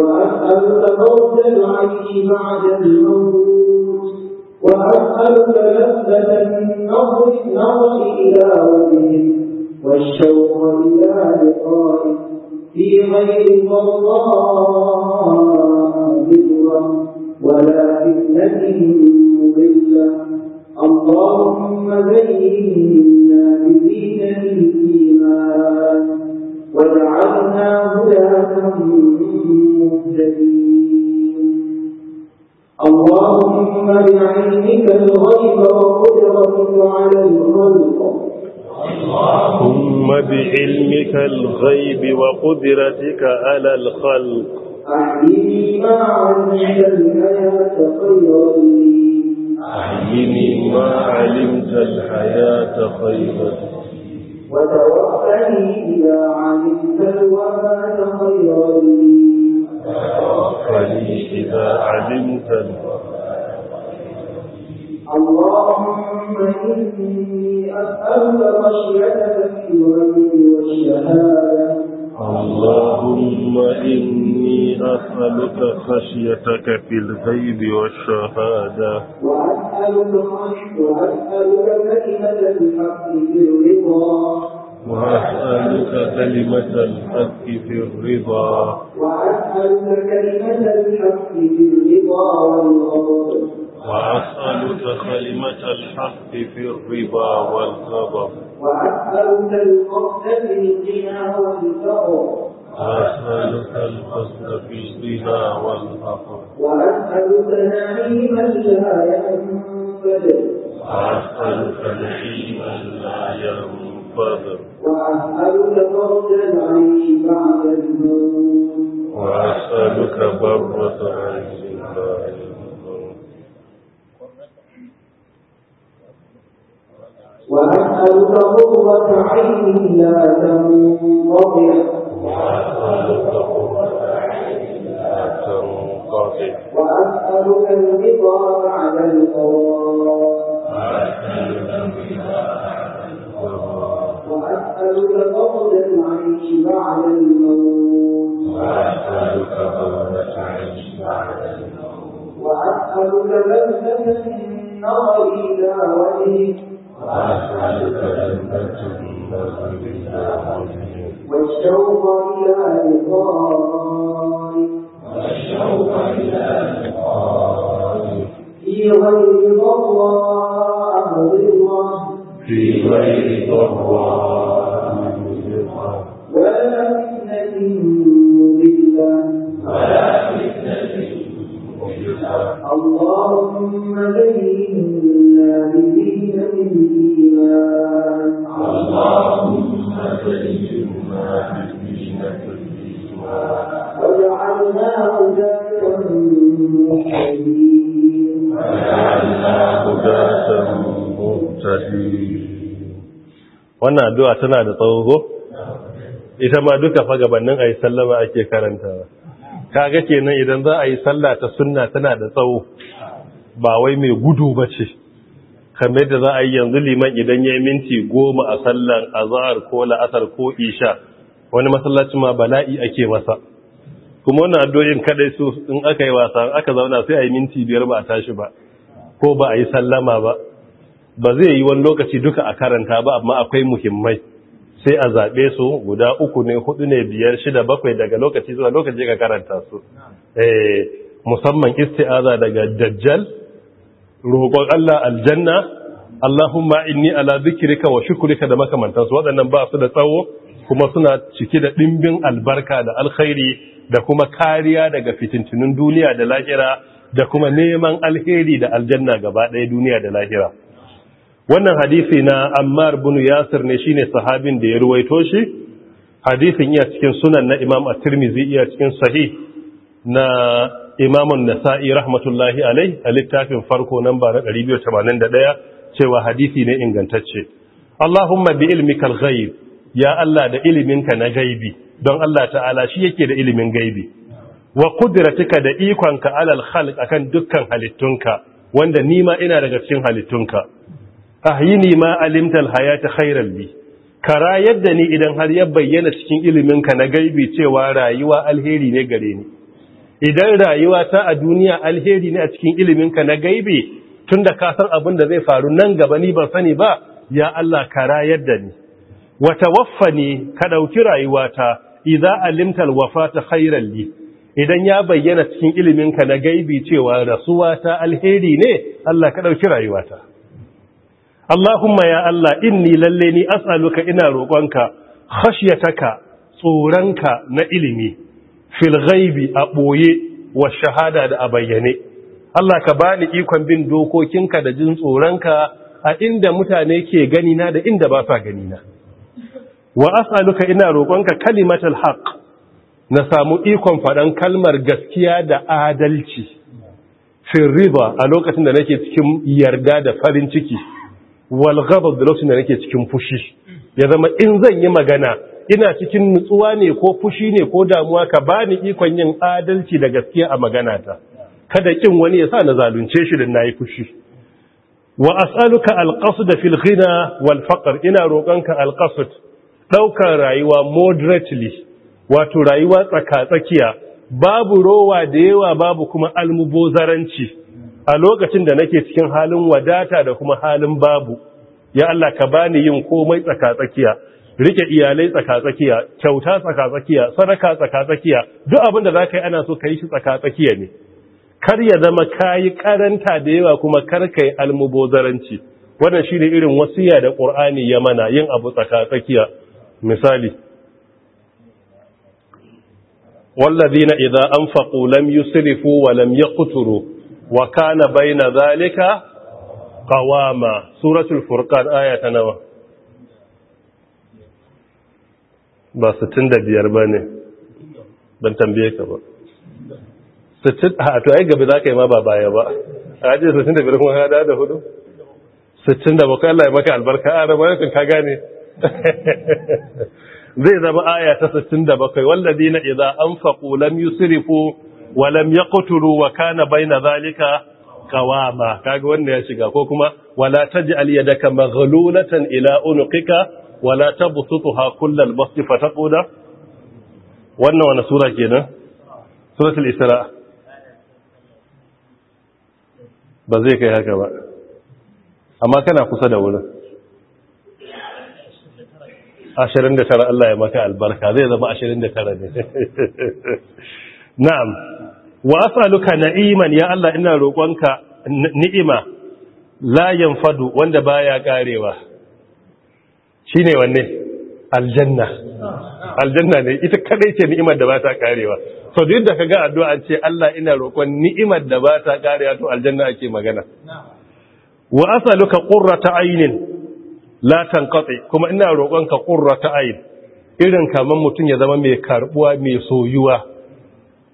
وأسألك موت العين بعد الموت وأسألك لذة النظر إلى وجهك والشوق إلى لقائك في غير الله ذكرا ولا فتنة مضلة اللهم زينا بزينة الإيمان واجعلنا هداة مهتدين اللهم بعلمك الغيب وقدرتك على الخلق ثم بعلمك الغيب وقدرتك على الخلق أعيني ما علمت الحياة خيرا ما علمت الحياة خيرا وتوفني إذا علمت الوفاة خيرا وتوفني إذا علمت الوفاة اللهم إني أنت خشيتك في الغيب والشهادة اللهم إني أسألك خشيتك في الغيب والشهادة وأسألك وأسألك كلمة الحق في الرضا وأسألك كلمة الحق في الرضا وأسألك كلمة الحق في الرضا والغضب وأسألك كلمة الحق في الربا والغضب وأسألك القصد في الغنى والفقر أسألك القصد في الغنى والفقر وأسألك نعيما لا ينفذ وأسألك نعيما لا ينفذ وأسألك فرجا عني بعد الموت وأسألك برة عن سواك وأسألك قرة عيني لا تنقطع وأسألك قرة عيني لا وأسألك الرضا بعد الفراق وأسألك الرضا بعد الفراق وأسألك فضل العيش بعد الموت وأسألك فضل العيش بعد الموت وأسألك لذة النار إلى وجهك والشوق إلى لقائك والشوق إلى لقائك في غير ضراء مضرة في غير ضراء مضرة ولا فتنة addu'a tana da tsawo ita ma duka fagabannin gabanin yi sallama ake karanta ba. kaga kenan idan za a yi sallah ta sunna tana da tsawo ba wai mai gudu ba ce. kamar da za a yi yanzu liman idan ya yi minti goma a sallan azhar ko la'asar ko isha wani masallacin ma bala'i ake masa kuma wani addu'o'in kadai su in aka yi wasa aka zauna sai a yi minti biyar ba a tashi ba ko ba a yi sallama ba ba zai yi wani lokaci duka a karanta ba amma akwai muhimmai sai a zaɓe su guda uku ne hudu ne biyar shida bakwai daga lokaci zuwa lokaci ka karanta su eh, musamman isti'aza daga dajjal roƙon Allah aljanna Allahumma inni ala zikrika wa shukrika da makamantansu waɗannan ba su da tsawo kuma suna cike da ɗimbin albarka da alkhairi da kuma kariya daga fitintunun duniya da lahira da kuma neman alheri da aljanna gaba ɗaya duniya da lahira wannan hadisi na ammar bin yasir ne shine sahabin da ya ruwaito shi hadisin iya cikin sunan na imam at-tirmidhi iya cikin sahih na imam an-nasa'i rahmatullahi alai a littafin farko namba na 281 cewa hadisi ne ingantacce Allahumma bi ilmikal ghaib ya Allah da iliminka na gaibi don Allah ta'ala shi yake da ilimin gaibi wa qudratuka da ikonka alal khalq akan dukkan halittunka wanda nima ina daga cikin halittunka ahyini ma alimtal hayata khairan li kara yadda ni idan har ya bayyana cikin ilimin ka na gaibi cewa rayuwa alheri ne gare ni idan rayuwa ta a duniya alheri ne a cikin ilimin ka na gaibi tunda ka san abin da zai faru nan gaba ni ban sani ba ya Allah kara yadda ni wa tawaffani ka dauki rayuwata idza alimtal wafata khairan li idan ya bayyana cikin ilimin ka na gaibi cewa rasuwa ta alheri ne Allah ka dauki rayuwata Allahumma ya Allah inni lalle ni as'aluka ina roƙonka khashyataka tsoronka na ilimi fil ghaibi a boye wa shahada da a bayyane Allah ka bani ikon bin dokokinka da jin tsoronka a inda mutane ke gani na da inda ba sa gani na wa as'aluka ina roƙonka kalimatul haqq na samu ikon faɗan kalmar gaskiya da adalci fil riba a lokacin da nake cikin yarda da farin ciki wal da lokacin da nake cikin fushi ya zama in zan yi magana ina cikin nutsuwa ne ko fushi ne ko damuwa ka bani ikon yin adalci da gaskiya a magana ta kada kin wani ya sa na zalunce shi da nayi fushi wa as'aluka alqasd fil ghina wal faqr ina roƙonka alqasd daukar rayuwa moderately wato rayuwa tsaka tsakiya babu rowa da yawa babu kuma almubozaranci a lokacin da nake cikin halin wadata da kuma halin babu ya Allah ka bani yin komai tsakatsakiya rike iyalai tsakatsakiya kyauta tsakatsakiya sadaka tsakatsakiya duk abin da zaka ana so ka yi shi tsakatsakiya ne kar ya zama kayi karanta da yawa kuma kar kai almubozaranci wannan shine irin wasiya da Qur'ani ya mana yin abu tsakatsakiya misali idza anfaqu lam yusrifu wa lam kuturu? wa kana bayna zalika qawama suratul furqan aya ta nawa ba 65 bane ban tambaye ka ba 60 a to ai gabe zakai ma ba baya ba aje 65 kuma hada da hudu 60 da baka Allah ya maka albarka a raba kan ka gane [laughs] zai zama aya ta 67 walladina idza anfaqu lam yusrifu walam ya kuturu wa kana bai na zalika qawama kaga wanda ya shiga ko kuma wala ta ji taj'al ka maghlulatan ila unukika wala ta tabsutha kullal basti ƙuda. wannan wani sura ke kenan suratul isra ba zai kai haka ba amma kana kusa da wurin 29 Allah ya maka albarka zai zama 29 ne [laughs] na'am wa as'aluka na'iman ya Allah ina roƙonka ni'ima la yanfadu wanda baya karewa shine wanne aljanna aljanna ne ita kadai ce ni'imar da ba ta karewa so duk da kaga addu'a ce Allah ina roƙon ni'imar da ba ta karewa to aljanna ake magana wa as'aluka qurrata aynin la tanqati kuma ina roƙonka qurrata ayn irin kaman mutun ya zama mai karbuwa mai soyuwa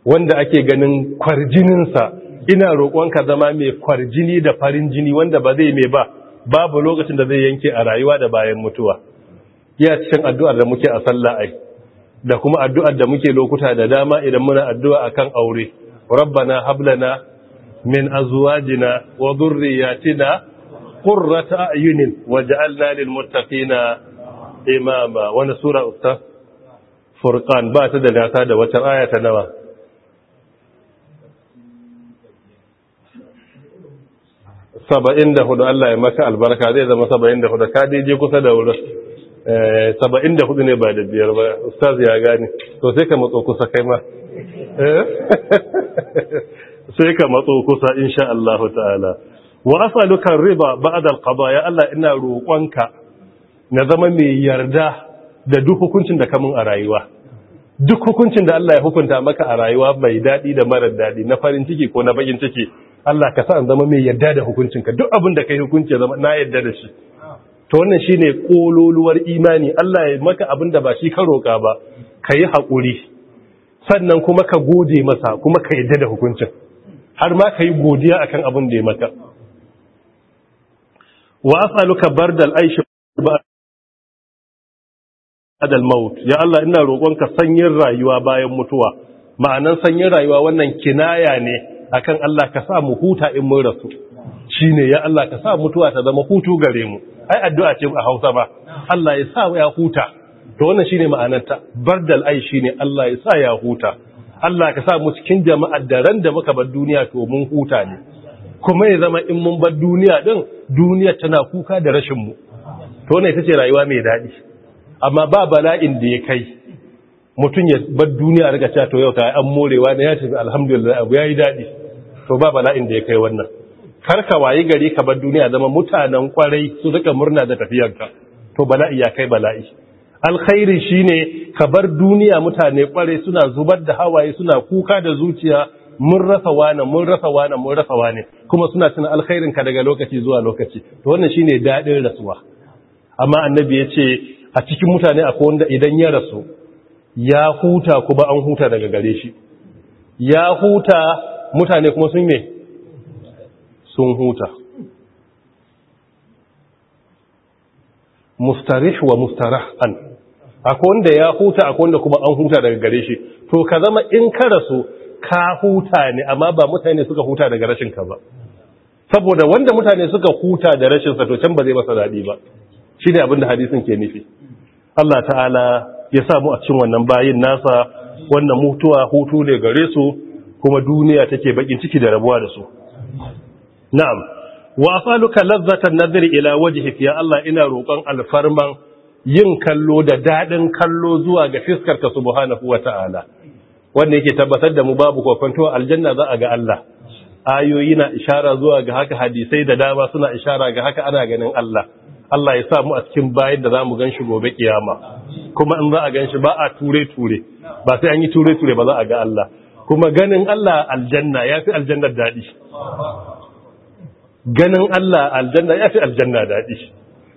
wanda ake ganin kwarjininsa ina roƙonka zama mai kwarjini da farin jini wanda ba zai mai ba babu lokacin da zai yanke a rayuwa da bayan mutuwa iya cikin addu'ar da muke a sallah da kuma addu'ar da muke lokuta da dama idan muna addu'a a kan aure rabbana hablana min azuwajina wa dhurriyyatina qurrata a'yunin waj'alna lil muttaqina imama wani sura ustaz Furkan ba ta da gasa da wata aya nawa saba'in da hudu Allah ya maka albarka zai zama saba'in da hudu ka je kusa da wurin eh, saba'in da hudu ne ba da biyar ba ustaz ya gani to sai ka matso kusa kai ma eh? [laughs] sai ka matso kusa insha Allah ta'ala wa asaluka riba ba'da alqada ya Allah ina roƙonka na zama mai yarda da duk hukuncin da kamun a rayuwa duk hukuncin da Allah ya hukunta maka a rayuwa mai dadi da marar dadi na farin ciki ko na bakin ciki Allah ka sa zama mai yarda da hukuncinka duk abin da kai hukunci zama na yarda da shi to wannan shine ƙololuwar imani Allah ya maka abin da ba shi ka roka ba kai haƙuri, sannan kuma ka gode masa kuma ka yarda da hukuncin har ma kai godiya akan abin da ya maka wa as'aluka bardal aish Adal, maut ya Allah ina roƙonka sanyin rayuwa bayan mutuwa ma'anan sanyin rayuwa wannan kinaya ne akan Allah ka sa mu huta in mun rasu shine ya Allah ka sa mutuwa ta zama hutu gare mu ai addu'a ce a Hausa ba Allah ya sa ya huta to wannan shine ma'anarta bardal ai shine Allah ya sa ya huta Allah ka sa mu cikin jama'ar da ran da muka bar duniya to mun huta ne kuma ya zama in mun bar duniya din duniya tana kuka da rashin mu to ne ita ce rayuwa mai daɗi amma ba bala'in da ya kai mutum ya bar duniya daga cewa to yau ta an morewa ne, ya ce alhamdulillah abu ya yi daɗi to ba bala'in da ya kai wannan karka wayi gari ka bar duniya zama mutanen kwarai su rika murna da tafiyarka to bala'i ya kai bala'i alkhairi shine ka bar duniya mutane kwarai suna zubar da hawaye suna kuka da zuciya mun rasa wani mun rasa wani mun rasa wani kuma suna tuna alkhairin ka daga lokaci zuwa lokaci to wannan shine dadin rasuwa amma annabi ce a cikin mutane akwai wanda idan ya rasu ya huta kuma an huta daga gare shi ya huta mutane kuma sun me sun huta mustarih wa mustarah an. akwai wanda ya huta akwai wanda kuma an huta daga gare shi to ka zama in ka rasu ka huta ne amma ba mutane suka huta daga rashin ka ba saboda wanda mutane suka huta da rashin sa to can ba zai masa dadi ba shine abin da hadisin ke nufi Allah ta'ala ya samu a cikin wannan bayin nasa wannan mutuwa hutu ne gare su kuma duniya take bakin ciki da rabuwa da su na'am wa asaluka lazzatan nadhri ila wajhika ya Allah ina roƙon alfarman yin kallo da dadin kallo zuwa ga fiskarka subhanahu wata'ala wanda yake tabbatar da mu babu kokonto aljanna za a ga Allah ayoyi na ishara zuwa ga haka hadisai da dama suna ishara ga haka ana ganin Allah Allah ya sa mu a cikin bayan da zamu ganshi gobe kiyama kuma in za a ganshi ba a ture ture ba sai an yi ture ture ba za a ga Allah kuma ganin Allah aljanna ya fi aljanna daɗi ganin Allah aljanna ya fi aljanna daɗi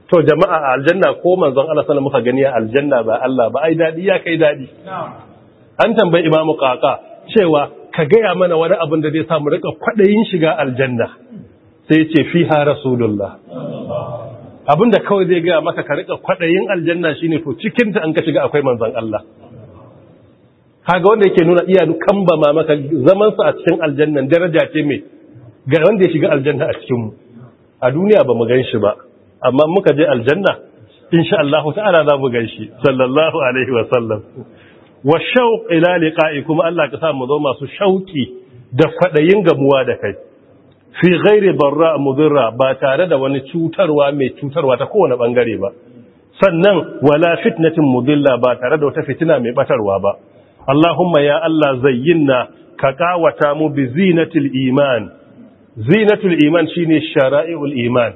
to jama'a aljanna ko manzon Allah sallallahu muka gani aljanna ba Allah ba ai daɗi ya kai daɗi an tambayi imamu kaka cewa ka gaya mana wani abin da zai sa mu rika kwaɗayin shiga aljanna sai ce fiha rasulullah abinda kawai zai gaya maka ka rika kwaɗayin aljanna shine to ta an ka shiga akwai manzon Allah kaga wanda yake nuna iya ba ma maka zamansa a cikin aljanna daraja ce mai ga wanda ya shiga aljanna a cikin mu a duniya ba mu ganshi ba amma muka je aljanna insha Allah ta'ala za mu ganshi. sallallahu alaihi wa sallam wa shauq ila liqa'i kuma Allah ka sa mu zo masu shauki da kwadayin gamuwa da kai fi ghairi darra mudirra ba tare da wani cutarwa mai cutarwa ta kowane bangare ba sannan wala fitnatin mudilla ba tare da wata fitina mai batarwa ba Allahumma ya Allah zayyinna ka kawata mu bi zinatul iman zinatul iman shine shara'i'ul iman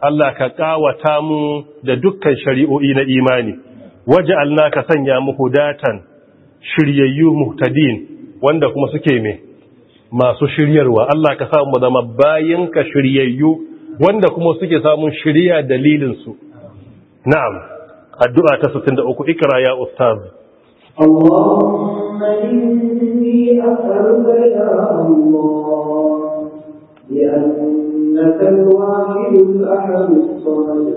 Allah ka kawata mu da dukkan shari'o'i na imani waja'alna ka sanya mu hudatan shiryayyu muhtadin wanda kuma suke me masu shiryarwa Allah ka samu zama ka shiryayyu wanda kuma suke samun shiriya dalilin su na'am addu'a ta 63 ikra ya ustaz اللهم إني أسألك يا الله بأنك الواحد الأحد الصمد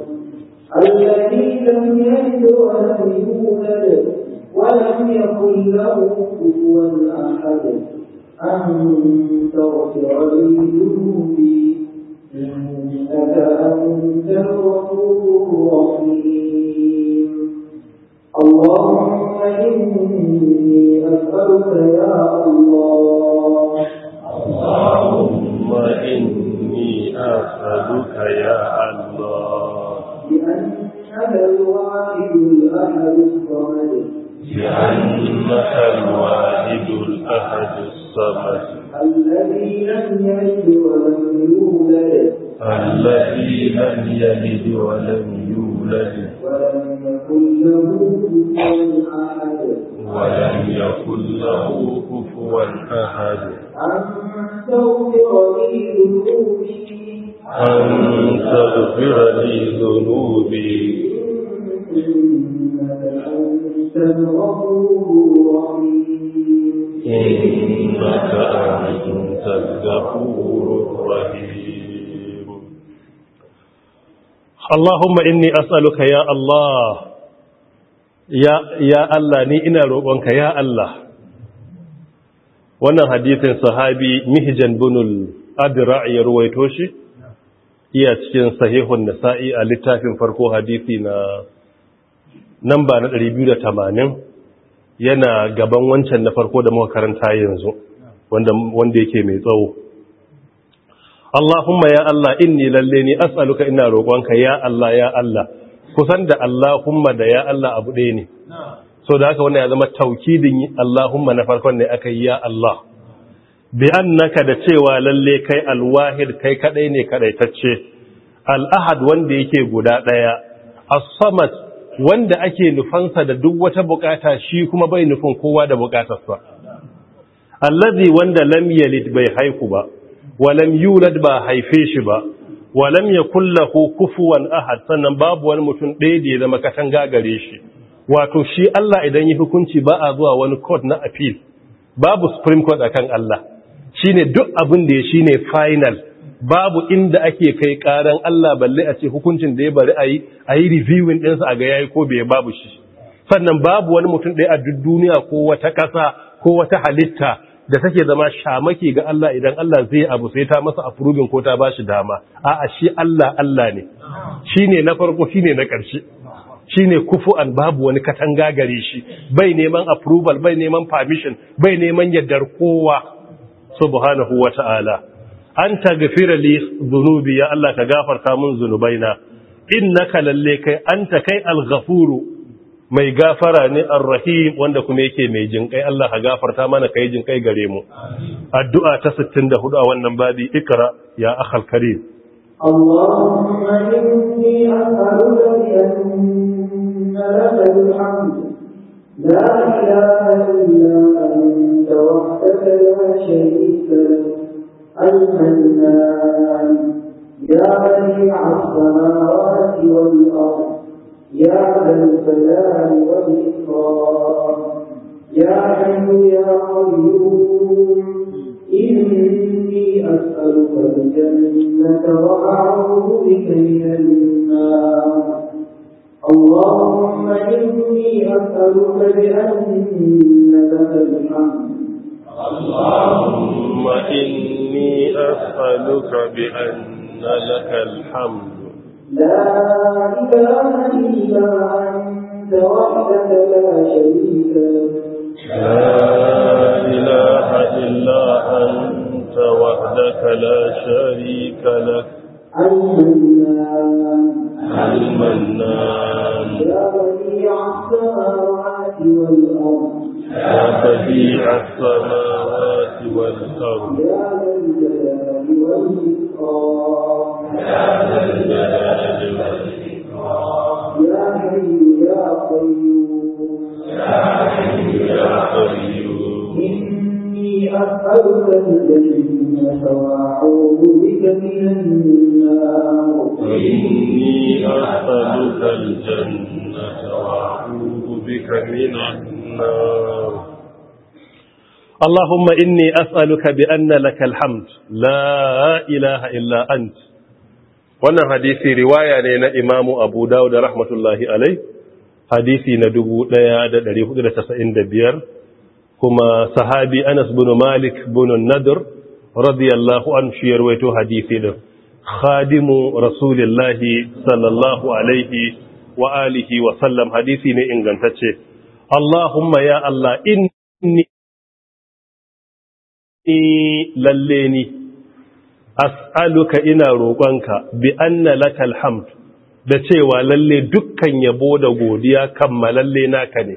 الذي لم يلد ولم يولد ولم يكن له كفوا أحد أن تغفر لي ذنوبي إنك أنت الغفور الرحيم اللهم إني أسألك يا الله اللهم إني أسألك يا الله بأنك الواحد الأحد الصمد بأنك الواحد الأحد الصمد الذي لم يلد ولم يولد الذي لم يلد ولم يولد يكن له كفوا أحد ولم يكن له كفوا أحد أن تغفر لي ذنوبي أن تغفر لي ذنوبي إنك أنت الغفور الرحيم إنك أنت الغفور الرحيم اللهم إني أسألك يا الله ya Allah ni ina roƙonka ya Allah wannan hadithin sahabi mihijan bunul adra ya ruwaito shi iya cikin sahihun nasa'i a littafin farko hadithi na namba na 280 yana gaban wancan na farko da muka karanta yanzu wanda wanda yake mai tsawo Allahumma ya Allah inni lalle ni as'aluka ina roƙonka ya Allah ya Allah kusan da Allahumma da ya Allah abu ɗaya ne so da haka wanda ya zama taukidin Allahumma na farkon ne aka yi ya Allah bi naka da cewa lalle kai alwahir kai kaɗai ne kaɗaitacce al-ahad wanda yake guda ɗaya, as-samad wanda ake nufansa da duk wata bukata shi kuma bai nufin kowa da bukatarsa allazi wanda lam yalid bai haiku ba wa lam yulad ba haife shi ba Walam ya yakul lahu kufuwan ahad sannan babu wani mutum ɗaya da ya zama katanga gare shi wato shi Allah idan yi hukunci ba a zuwa wani court na appeal babu supreme court akan Allah shine duk abin da ya shine final babu inda ake kai karan Allah balle a ce hukuncin da ya bari ayi ayi reviewing din sa ga yayi ko bai babu shi sannan babu wani mutum ɗaya a duk duniya ko wata ƙasa ko wata halitta da take zama shamaki ga Allah idan Allah zai yi abu sai ta masa approving ko ta ba shi dama a'a shi Allah Allah ne shine na farko shine na ƙarshe shine kufu'an babu wani katanga gare shi bai neman approval bai neman permission bai neman yaddar kowa subhanahu wata'ala an taghfira li dhunubi ya Allah ka gafarta mun zunubaina innaka lalle kai anta kai al-ghafuru mai gafara ne ar-rahim wanda kuma yake mai jinkai Allah ka gafarta mana kai jinkai gare mu addu'a ta 64 a wannan babi ikra ya akhal karim Allahumma inni as'aluka bi anna laka al-hamd la ilaha illa anta wahdaka la sharika lak al-mannan ya bani as-samawati wal-ardh يا ذا الجلال والإكرام يا حي يا قيوم إني أسألك الجنة وأعوذ بك من النار اللهم إني أسألك بأن عند واحدة لا شريك بك من النار اللهم إني أسألك بأن لك الحمد لا إله إلا أنت wannan hadisi riwaya ne na imamu abu dawud rahmatullahi alai hadisi na 1495 kuma sahabi anas bin malik bin nadir radiyallahu an shi yarwaito hadisi din khadimu rasulillahi sallallahu alaihi wa alihi wa sallam hadisi ne ingantacce Allahumma ya Allah inni lalle ni as'aluka ina roƙonka bi anna lakal hamd da cewa lalle dukkan yabo da godiya kan malalle naka ne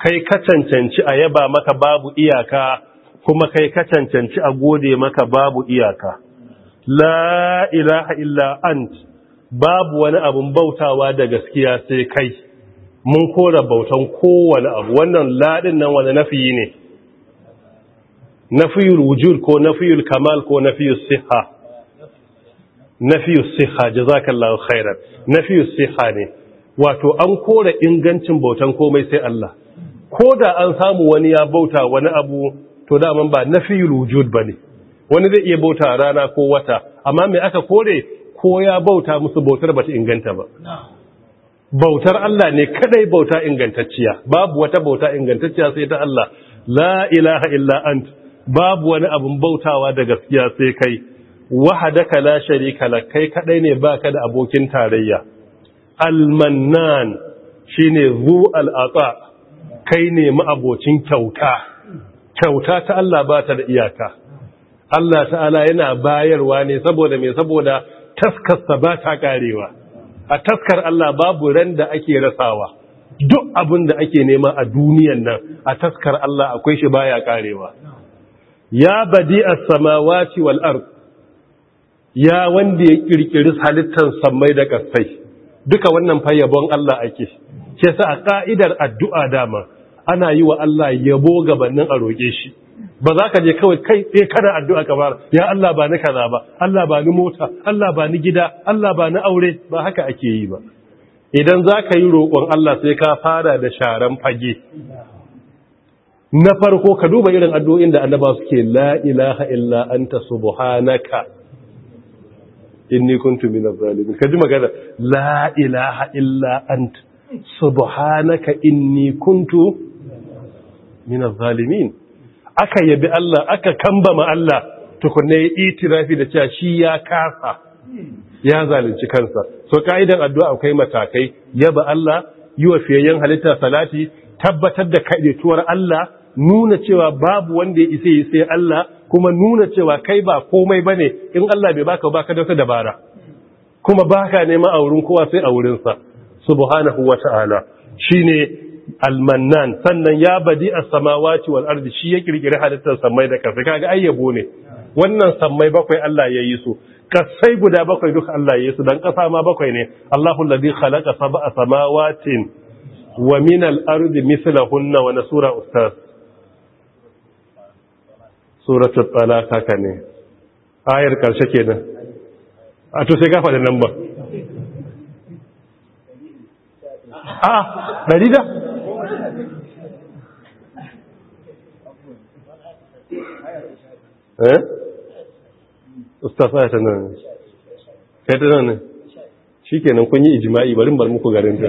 kai ka cancanci a yaba maka babu iyaka kuma kai ka cancanci a gode maka babu iyaka la ilaha illa anta babu wani abun bautawa da gaskiya sai kai mun kora bautan kowane abu wannan ladin nan wani yi ne nafiyul wujud ko nafiyul kamal ko nafiyul siha nafiyul siha jazakallahu khairan nafiyul siha ne wato an kora ingancin bautan komai sai Allah ko da an samu wani ya bauta wani abu to da man ba nafiyul wujud bane wani zai iya bauta rana ko wata amma me aka kore ko ya bauta musu bautar bata inganta ba bautar Allah ne kadai bauta ingantacciya babu wata bauta ingantacciya sai ta Allah la ilaha illa ant babu wani abun bautawa da gaskiya sai kai wahdaka la sharika lak kai kadai ne baka da abokin tarayya almannan shine zu al'ata kai ne ma'abocin kyauta kyauta ta Allah ba ta da iyaka Allah ta'ala yana bayarwa ne saboda me saboda taskarsa ba ta karewa a taskar Allah babu ran da ake rasawa duk abin da ake nema a duniyan nan a taskar Allah akwai shi baya karewa ya badi as-samawati wal ard ya wanda ya kirkiri halittar samai da kasai duka wannan fa Allah ake ke sa a ka'idar addu'a dama ana yi wa Allah yabo gabanin a roke shi ba za ka je kawai kai sai kana addu'a ka ya Allah ba ni kaza ba Allah ba ni mota Allah ba ni gida Allah ba ni aure ba haka ake yi ba idan za ka yi roƙon Allah sai ka fara da sharan fage na farko ka duba irin addu'o'in da annaba suke la ilaha illa anta subhanaka inni kuntu minaz zalimin kaji magana la ilaha illa anta subhanaka inni kuntu minaz zalimin aka yabi Allah aka kambama Allah tukunne ya itirafi da cewa shi ya kasa ya zalunci kansa so ka'idan addu'a akwai matakai yaba Allah yi wa fiyayyen halitta salati tabbatar da kaidetuwar Allah nuna cewa babu wanda ya isa yi sai Allah kuma nuna cewa kai ba komai bane in Allah bai baka baka da dabara kuma baka nema a wurin kowa sai a wurinsa subhanahu wata'ala shine almannan sannan ya badi a samawaci wal arzi shi ya kirkiri halittar sammai da kasai kaga ayyabo ne wannan sammai bakwai Allah ya yi su kasai guda bakwai duka Allah ya yi su dan kasa ma bakwai ne Allahu ladi khalaqa sab'a a samawacin wa min al’arzi misila hunna wani sura ustaz suratul talaq kaka ne ayar karshe kenan a to sai gafa da nan ba a ah, ɗari da eh nan kai ta nan shikenan kun yi ijma'i bari bar muku garin ta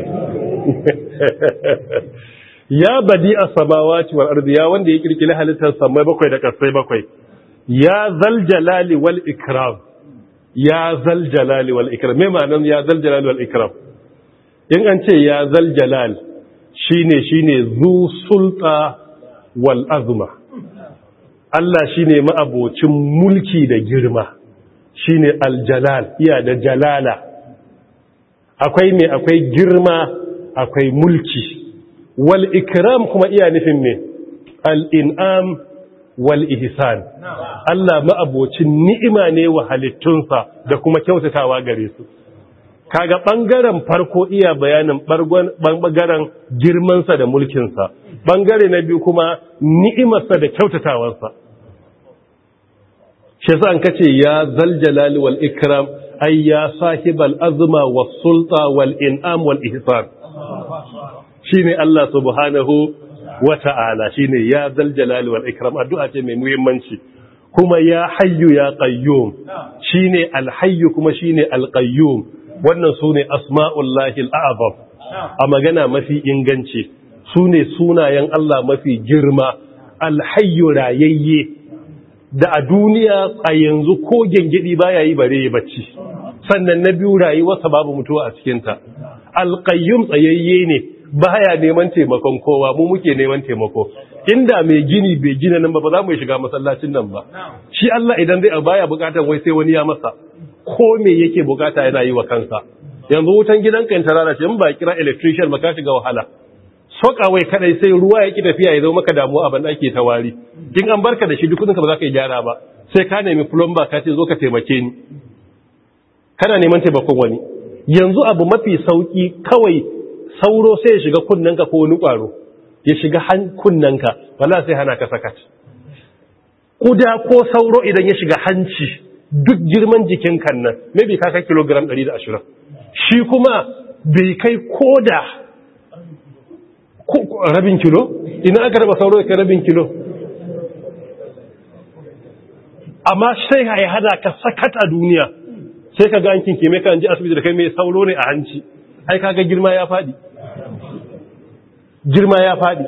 ya badi a samawati ciwon ardi ya wanda ya kirkiri halittar samai bakwai da kasai bakwai ya zal jalali wal ikram ya zal jalali wal ikram mai ma'anar ya zal jalali wal ikram in an ce ya zal jalali shine shine zu sulta wal azma Allah shine ma'abocin mulki da girma shine aljalal iya da jalala akwai me akwai girma akwai mulki wal ikram kuma iya nufin me al in'am wal ihsan Allah ma'abocin ni'ima ne wa halittunsa da kuma kyautatawa gare su kaga ɓangaren farko iya bayanin ɓangaren girmansa da mulkinsa bangare na biyu kuma ni'imarsa da kyautatawarsa shi sa an kace ya zaljalali wal ikram ay ya sahibal azma was sulta wal in'am wal ihsan shine Allah subhanahu wata'ala shine ya zaljalali wal ikram addu'a ce mai muhimmanci kuma ya hayyu ya qayyum shine al hayyu kuma shine al qayyum wannan su ne asma'ullahi al'azam a magana mafi inganci su ne sunayen Allah mafi girma alhayyu rayayye da a duniya a yanzu ko gengidi ya yi bare ya bacci sannan na biyu rayuwarsa babu mutuwa a cikinta alkayyum tsayayye ne ba ya neman taimakon kowa mu muke neman taimako inda mai gini bai gina nan ba ba za mu shiga masallacin nan ba shi Allah idan zai baya bukatan wai sai wani ya masa ko me yake bukata yana yi wa kansa yanzu wutan gidanka in ta ce in ba kira electrician ba ka shiga wahala soka wai kadai sai ruwa ya ki tafiya ya zo maka damuwa abin da ake ta wari din an barka da shi duk kudin ka ba za ka yi gyara ba sai ka nemi plumber ka ce zo ka taimake ni kana neman taimakon wani yanzu abu mafi sauki kawai sauro sai ya shiga kunnanka ko wani kwaro ya shiga han ka wala sai hana ka sakat kuda ko sauro idan ya shiga hanci duk girman jikin kan nan maybe ka kai kilogram 120 shi kuma bai kai koda rabin kilo ina aka raba sauro kai rabin kilo amma sai ya hada ka sakat a duniya sai ka ga an kinke ji asibiti da kai mai sauro ne a hanci ai kaga girma ya fadi girma ya fadi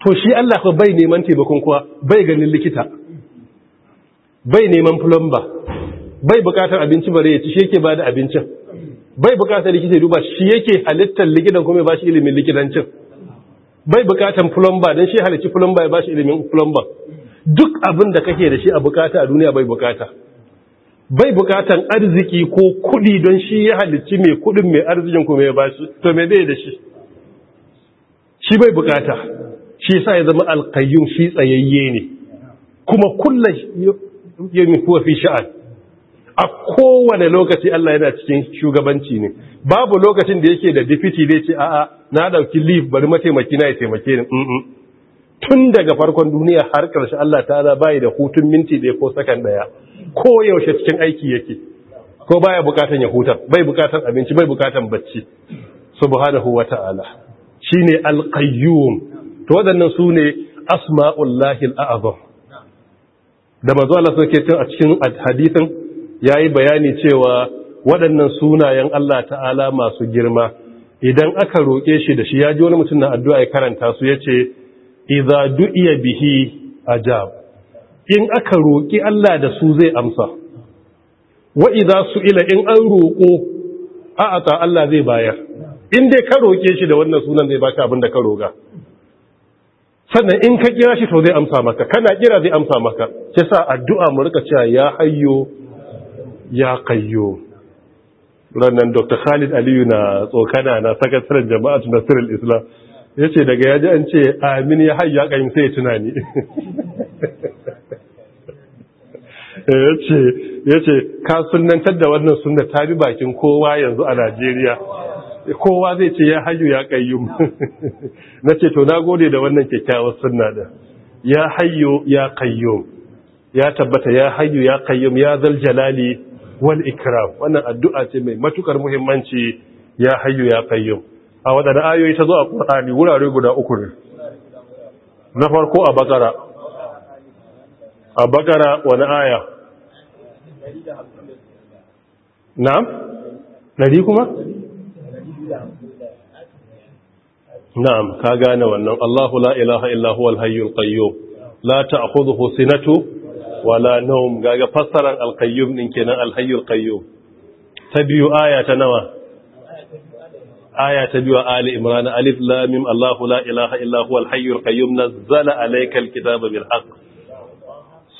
to shi Allah ko bai neman taimakon kuwa bai ganin likita bai neman plumber bai bukatar abinci bare ya ci shi yake ba da abincin bai bukatar likita duba shi yake halittar likitan kuma ya ba shi ilimin likitancin bai bukatar plumber don shi halicci plumber ya ba shi ilimin plumber duk abin da kake da shi a bukata a duniya bai bukata bai bukatar arziki ko kudi don shi ya halicci mai kudin mai arzikin kuma ya ba shi to me bai da shi shi bai bukata shi sa ya zama alkayyum shi tsayayye ne kuma kullum yini kuwa fi sha’ad a kowane lokaci Allah yana cikin shugabanci ne babu lokacin da yake da difiti da ce a'a na dauki leave bari mataimaki na ya taimake ni tun daga farkon duniya har karshe Allah ta ta'ala bai da hutun minti ɗaya ko sakan ɗaya ko yaushe cikin aiki yake ko baya bukatan ya hutar bai bukatan abinci bai bukatan bacci subhanahu wata'ala shine alqayyum to wadannan sune asma'ullahi al-a'zam da ba Allah sun a cikin hadisin yi bayani cewa waɗannan sunayen Allah ta'ala masu girma idan aka roƙe shi da shi ya ji wani mutum na addu'a ya karanta su ya ce, Iza du'iya bihi a jab, in aka roƙi Allah da su zai amsa, wa iza su ila in an roƙo a ata Allah zai bayar, in dai ka roƙe shi da wannan sunan zai baka abin da ka roƙa. sannan in ka kira shi to zai amsa maka kana kira zai amsa maka sai sa addu'a mu rika cewa ya hayyo ya qayyo ranan Dr. Khalid Aliyu na tsokana na sakataren jama'atu Nasirul Islam yace daga yaji an ce amin ya hayyo ya qayyim sai ya tunani [laughs] yace yace ka sunnantar da wannan sunna ta bi bakin kowa yanzu a Najeriya kowa zai ce ya hayu ya kayyum [laughs] na ce to na gode da wannan kyakkyawar suna da ya hayu ya kayyum ya tabbata ya hayu ya kayyum ya zal jalali wal ikram wannan addu'a ce mai matukar muhimmanci ya hayu ya kayyum a waɗanda ayoyi ta zo a kur'ani wurare guda uku ne na farko a bakara a bakara wani aya na? Dari kuma? na'am ka gane wannan Allahu la ilaha illa huwal hayyul qayyum la ta'khudhuhu sinatu wala nawm gaga fassarar al qayyum din kenan al hayyul qayyum ta biyu aya ta nawa aya ta biyu a ali imran alif lam mim Allahu la ilaha illa huwal hayyul qayyum nazzala alaykal kitaba bil haqq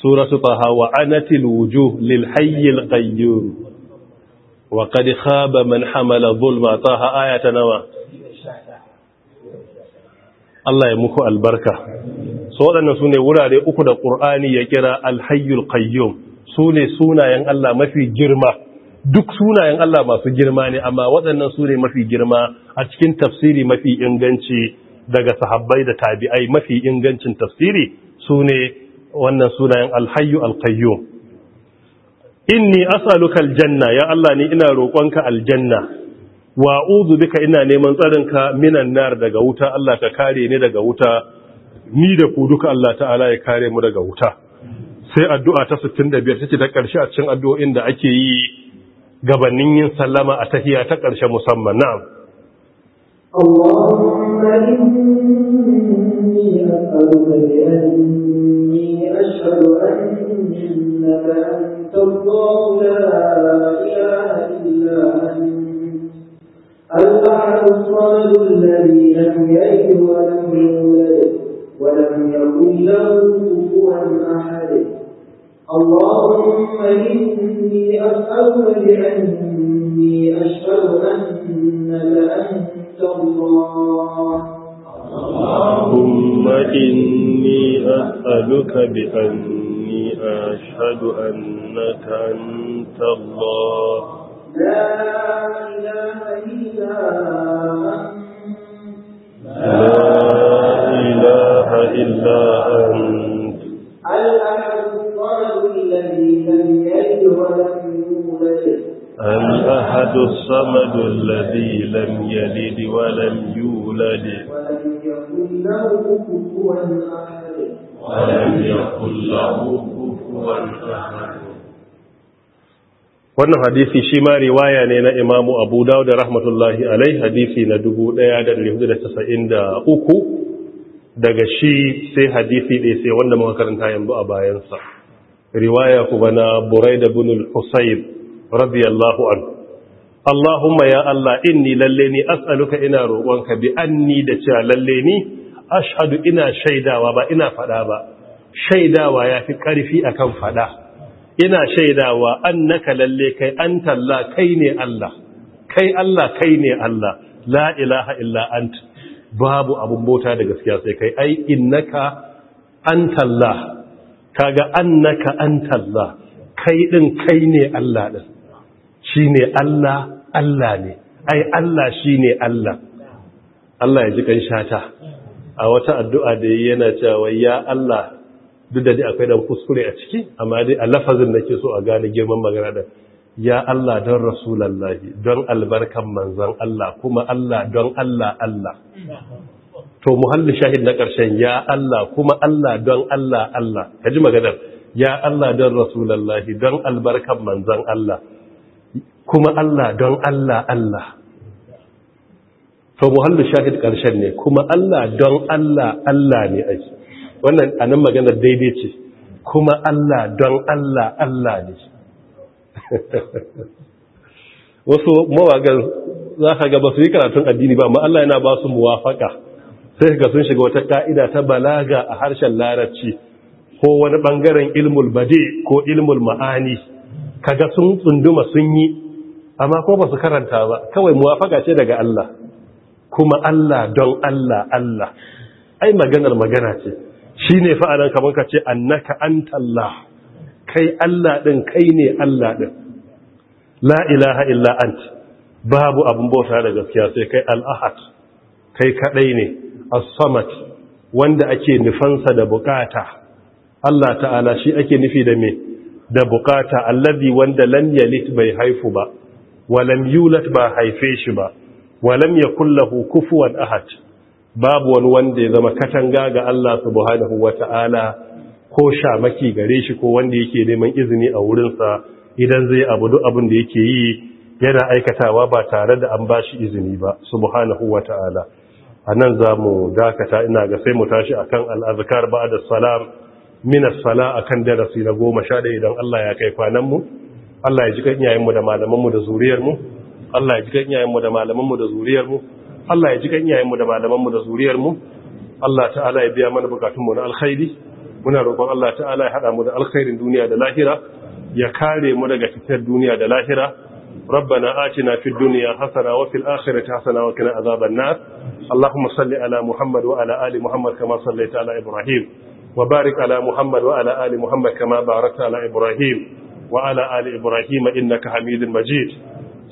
Su taha wa anatil wujuh lil hayyul qayyum wa qad khaba man hamala zulma taha ayata nawa Allah ya muku albarka so waɗannan sune wurare uku da Qur'ani ya kira al-hayyul qayyum sune sunayen Allah mafi girma duk sunayen Allah masu girma ne amma waɗannan sune mafi girma a cikin tafsiri mafi inganci daga sahabbai da tabi'ai mafi ingancin tafsiri sune wannan sunayen al-hayyu inni as'aluka aljanna ya Allah ni ina roƙonka aljanna wa a'udhu bika ina neman tsarinka minan nar daga wuta Allah ka kare ni daga wuta ni da ku duka Allah ta'ala ya kare mu daga wuta sai addu'a ta 65 take ta ƙarshe a cikin addu'o'in da ake yi gabanin yin sallama a tahiya ta ƙarshe musamman na'am Allahumma inni as'aluka bi anni الله لا إله إلا أنت الأحد الصمد الذي لم يلد ولم يولد ولم يكن له كفوا أحد اللهم إني أسألك بأني أشهد أنك أنت الله اللهم إني أسألك بأن أشهد أنك أنت الله لا إله إلا أنت لا إله إلا أنت الأحد الصمد الذي لم يلد ولم يولد الأحد الصمد الذي لم يلد ولم يولد ولم يكن له كفوا أحد ولم يكن له wannan hadisi shi ma riwaya ne na imamu abu dawud da rahmatullahi alai hadisi na 1193 daga shi sai hadisi ɗaya sai wanda muka karanta yanzu a bayansa riwaya kuma na buraida bin al-husayb radiyallahu anhu Allahumma ya Allah inni lalle ni as'aluka ina roƙonka bi anni da cewa lalle ni ashhadu ina shaidawa ba ina faɗa ba shaidawa ya fi ƙarfi a kan faɗa ina shaidawa an naka lalle kai an talla kai ne Allah kai Allah kai ne Allah la ilaha illa ant babu abun bota da gaskiya sai kai ai innaka an talla kaga annaka an talla kai ɗin kai ne Allah din shine Allah Allah ne ai Allah shine Allah Allah ya ji kan shata a wata addu'a da yana cewa ya Allah duk da dai akwai dan kuskure a ciki amma dai a lafazin nake so a gane girman magana da ya Allah don rasulallahi don albarkan manzon Allah kuma Allah don Allah Allah to muhalli shahid na karshen ya Allah kuma Allah don Allah Allah kaji maganar ya Allah don rasulallahi don albarkan manzon Allah kuma Allah don Allah Allah to muhalli shahid karshen ne kuma Allah don Allah Allah ne ake wannan anan maganar daidai ce kuma Allah don Allah Allah ne [laughs] wasu mawagar za ka gaba su yi karatun addini ba ma Allah yana ba su muwafaka sai ka sun shiga wata ka'ida ta balaga a harshen larabci ko wani bangaren ilmul bade ko ilmul ma'ani kaga sun tsunduma sun yi amma ko ba su karanta ba kawai muwafaka ce daga Allah kuma Allah don Allah Allah ai maganar magana ce shi ne fa'anan kamar ka ce annaka an talla kai Allah ɗin kai ne Allah ɗin la ilaha illa ant babu abin bauta da gaskiya sai kai alahat kai kaɗai ne a samat wanda ake nufansa da bukata Allah ta'ala shi ake nufi da me da bukata allazi wanda lam yalit bai haifu ba walam yulat ba haife shi ba walam ya yakul kufuwan ahad babu wani wanda ya zama katanga ga Allah subhanahu wata'ala ko shamaki gare shi ko wanda yake neman izini a wurinsa idan zai abu duk abin da yake yi yana aikatawa ba tare da an bashi izini ba subhanahu wata'ala anan mu dakata ina ga sai mu tashi akan al-azkar da salam min as-sala akan darasi na 11 idan Allah ya kai kwanan Allah ya ji kan iyayen mu da malaman mu da zuriyar Allah ya ji kan iyayen da malaman da zuriyar Allah ya ji kan iyayenmu da malamanmu da zuriyarmu Allah ta'ala ya biya mana bukatunmu na alkhairi muna roƙon Allah ta'ala ya haɗa mu da alkhairin duniya da lahira ya kare mu daga cikin duniya da lahira ربنا آتنا في الدنيا حسنة وفي الآخرة حسنة وقنا عذاب النار اللهم صل على محمد وعلى آل محمد كما صليت على إبراهيم وبارك على محمد وعلى آل محمد كما باركت على إبراهيم وعلى آل إبراهيم إنك حميد مجيد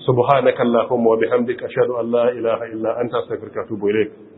subhanakallahumma wa bihamdika ashhadu an la ilaha illa anta astaghfiruka wa atubu ilayk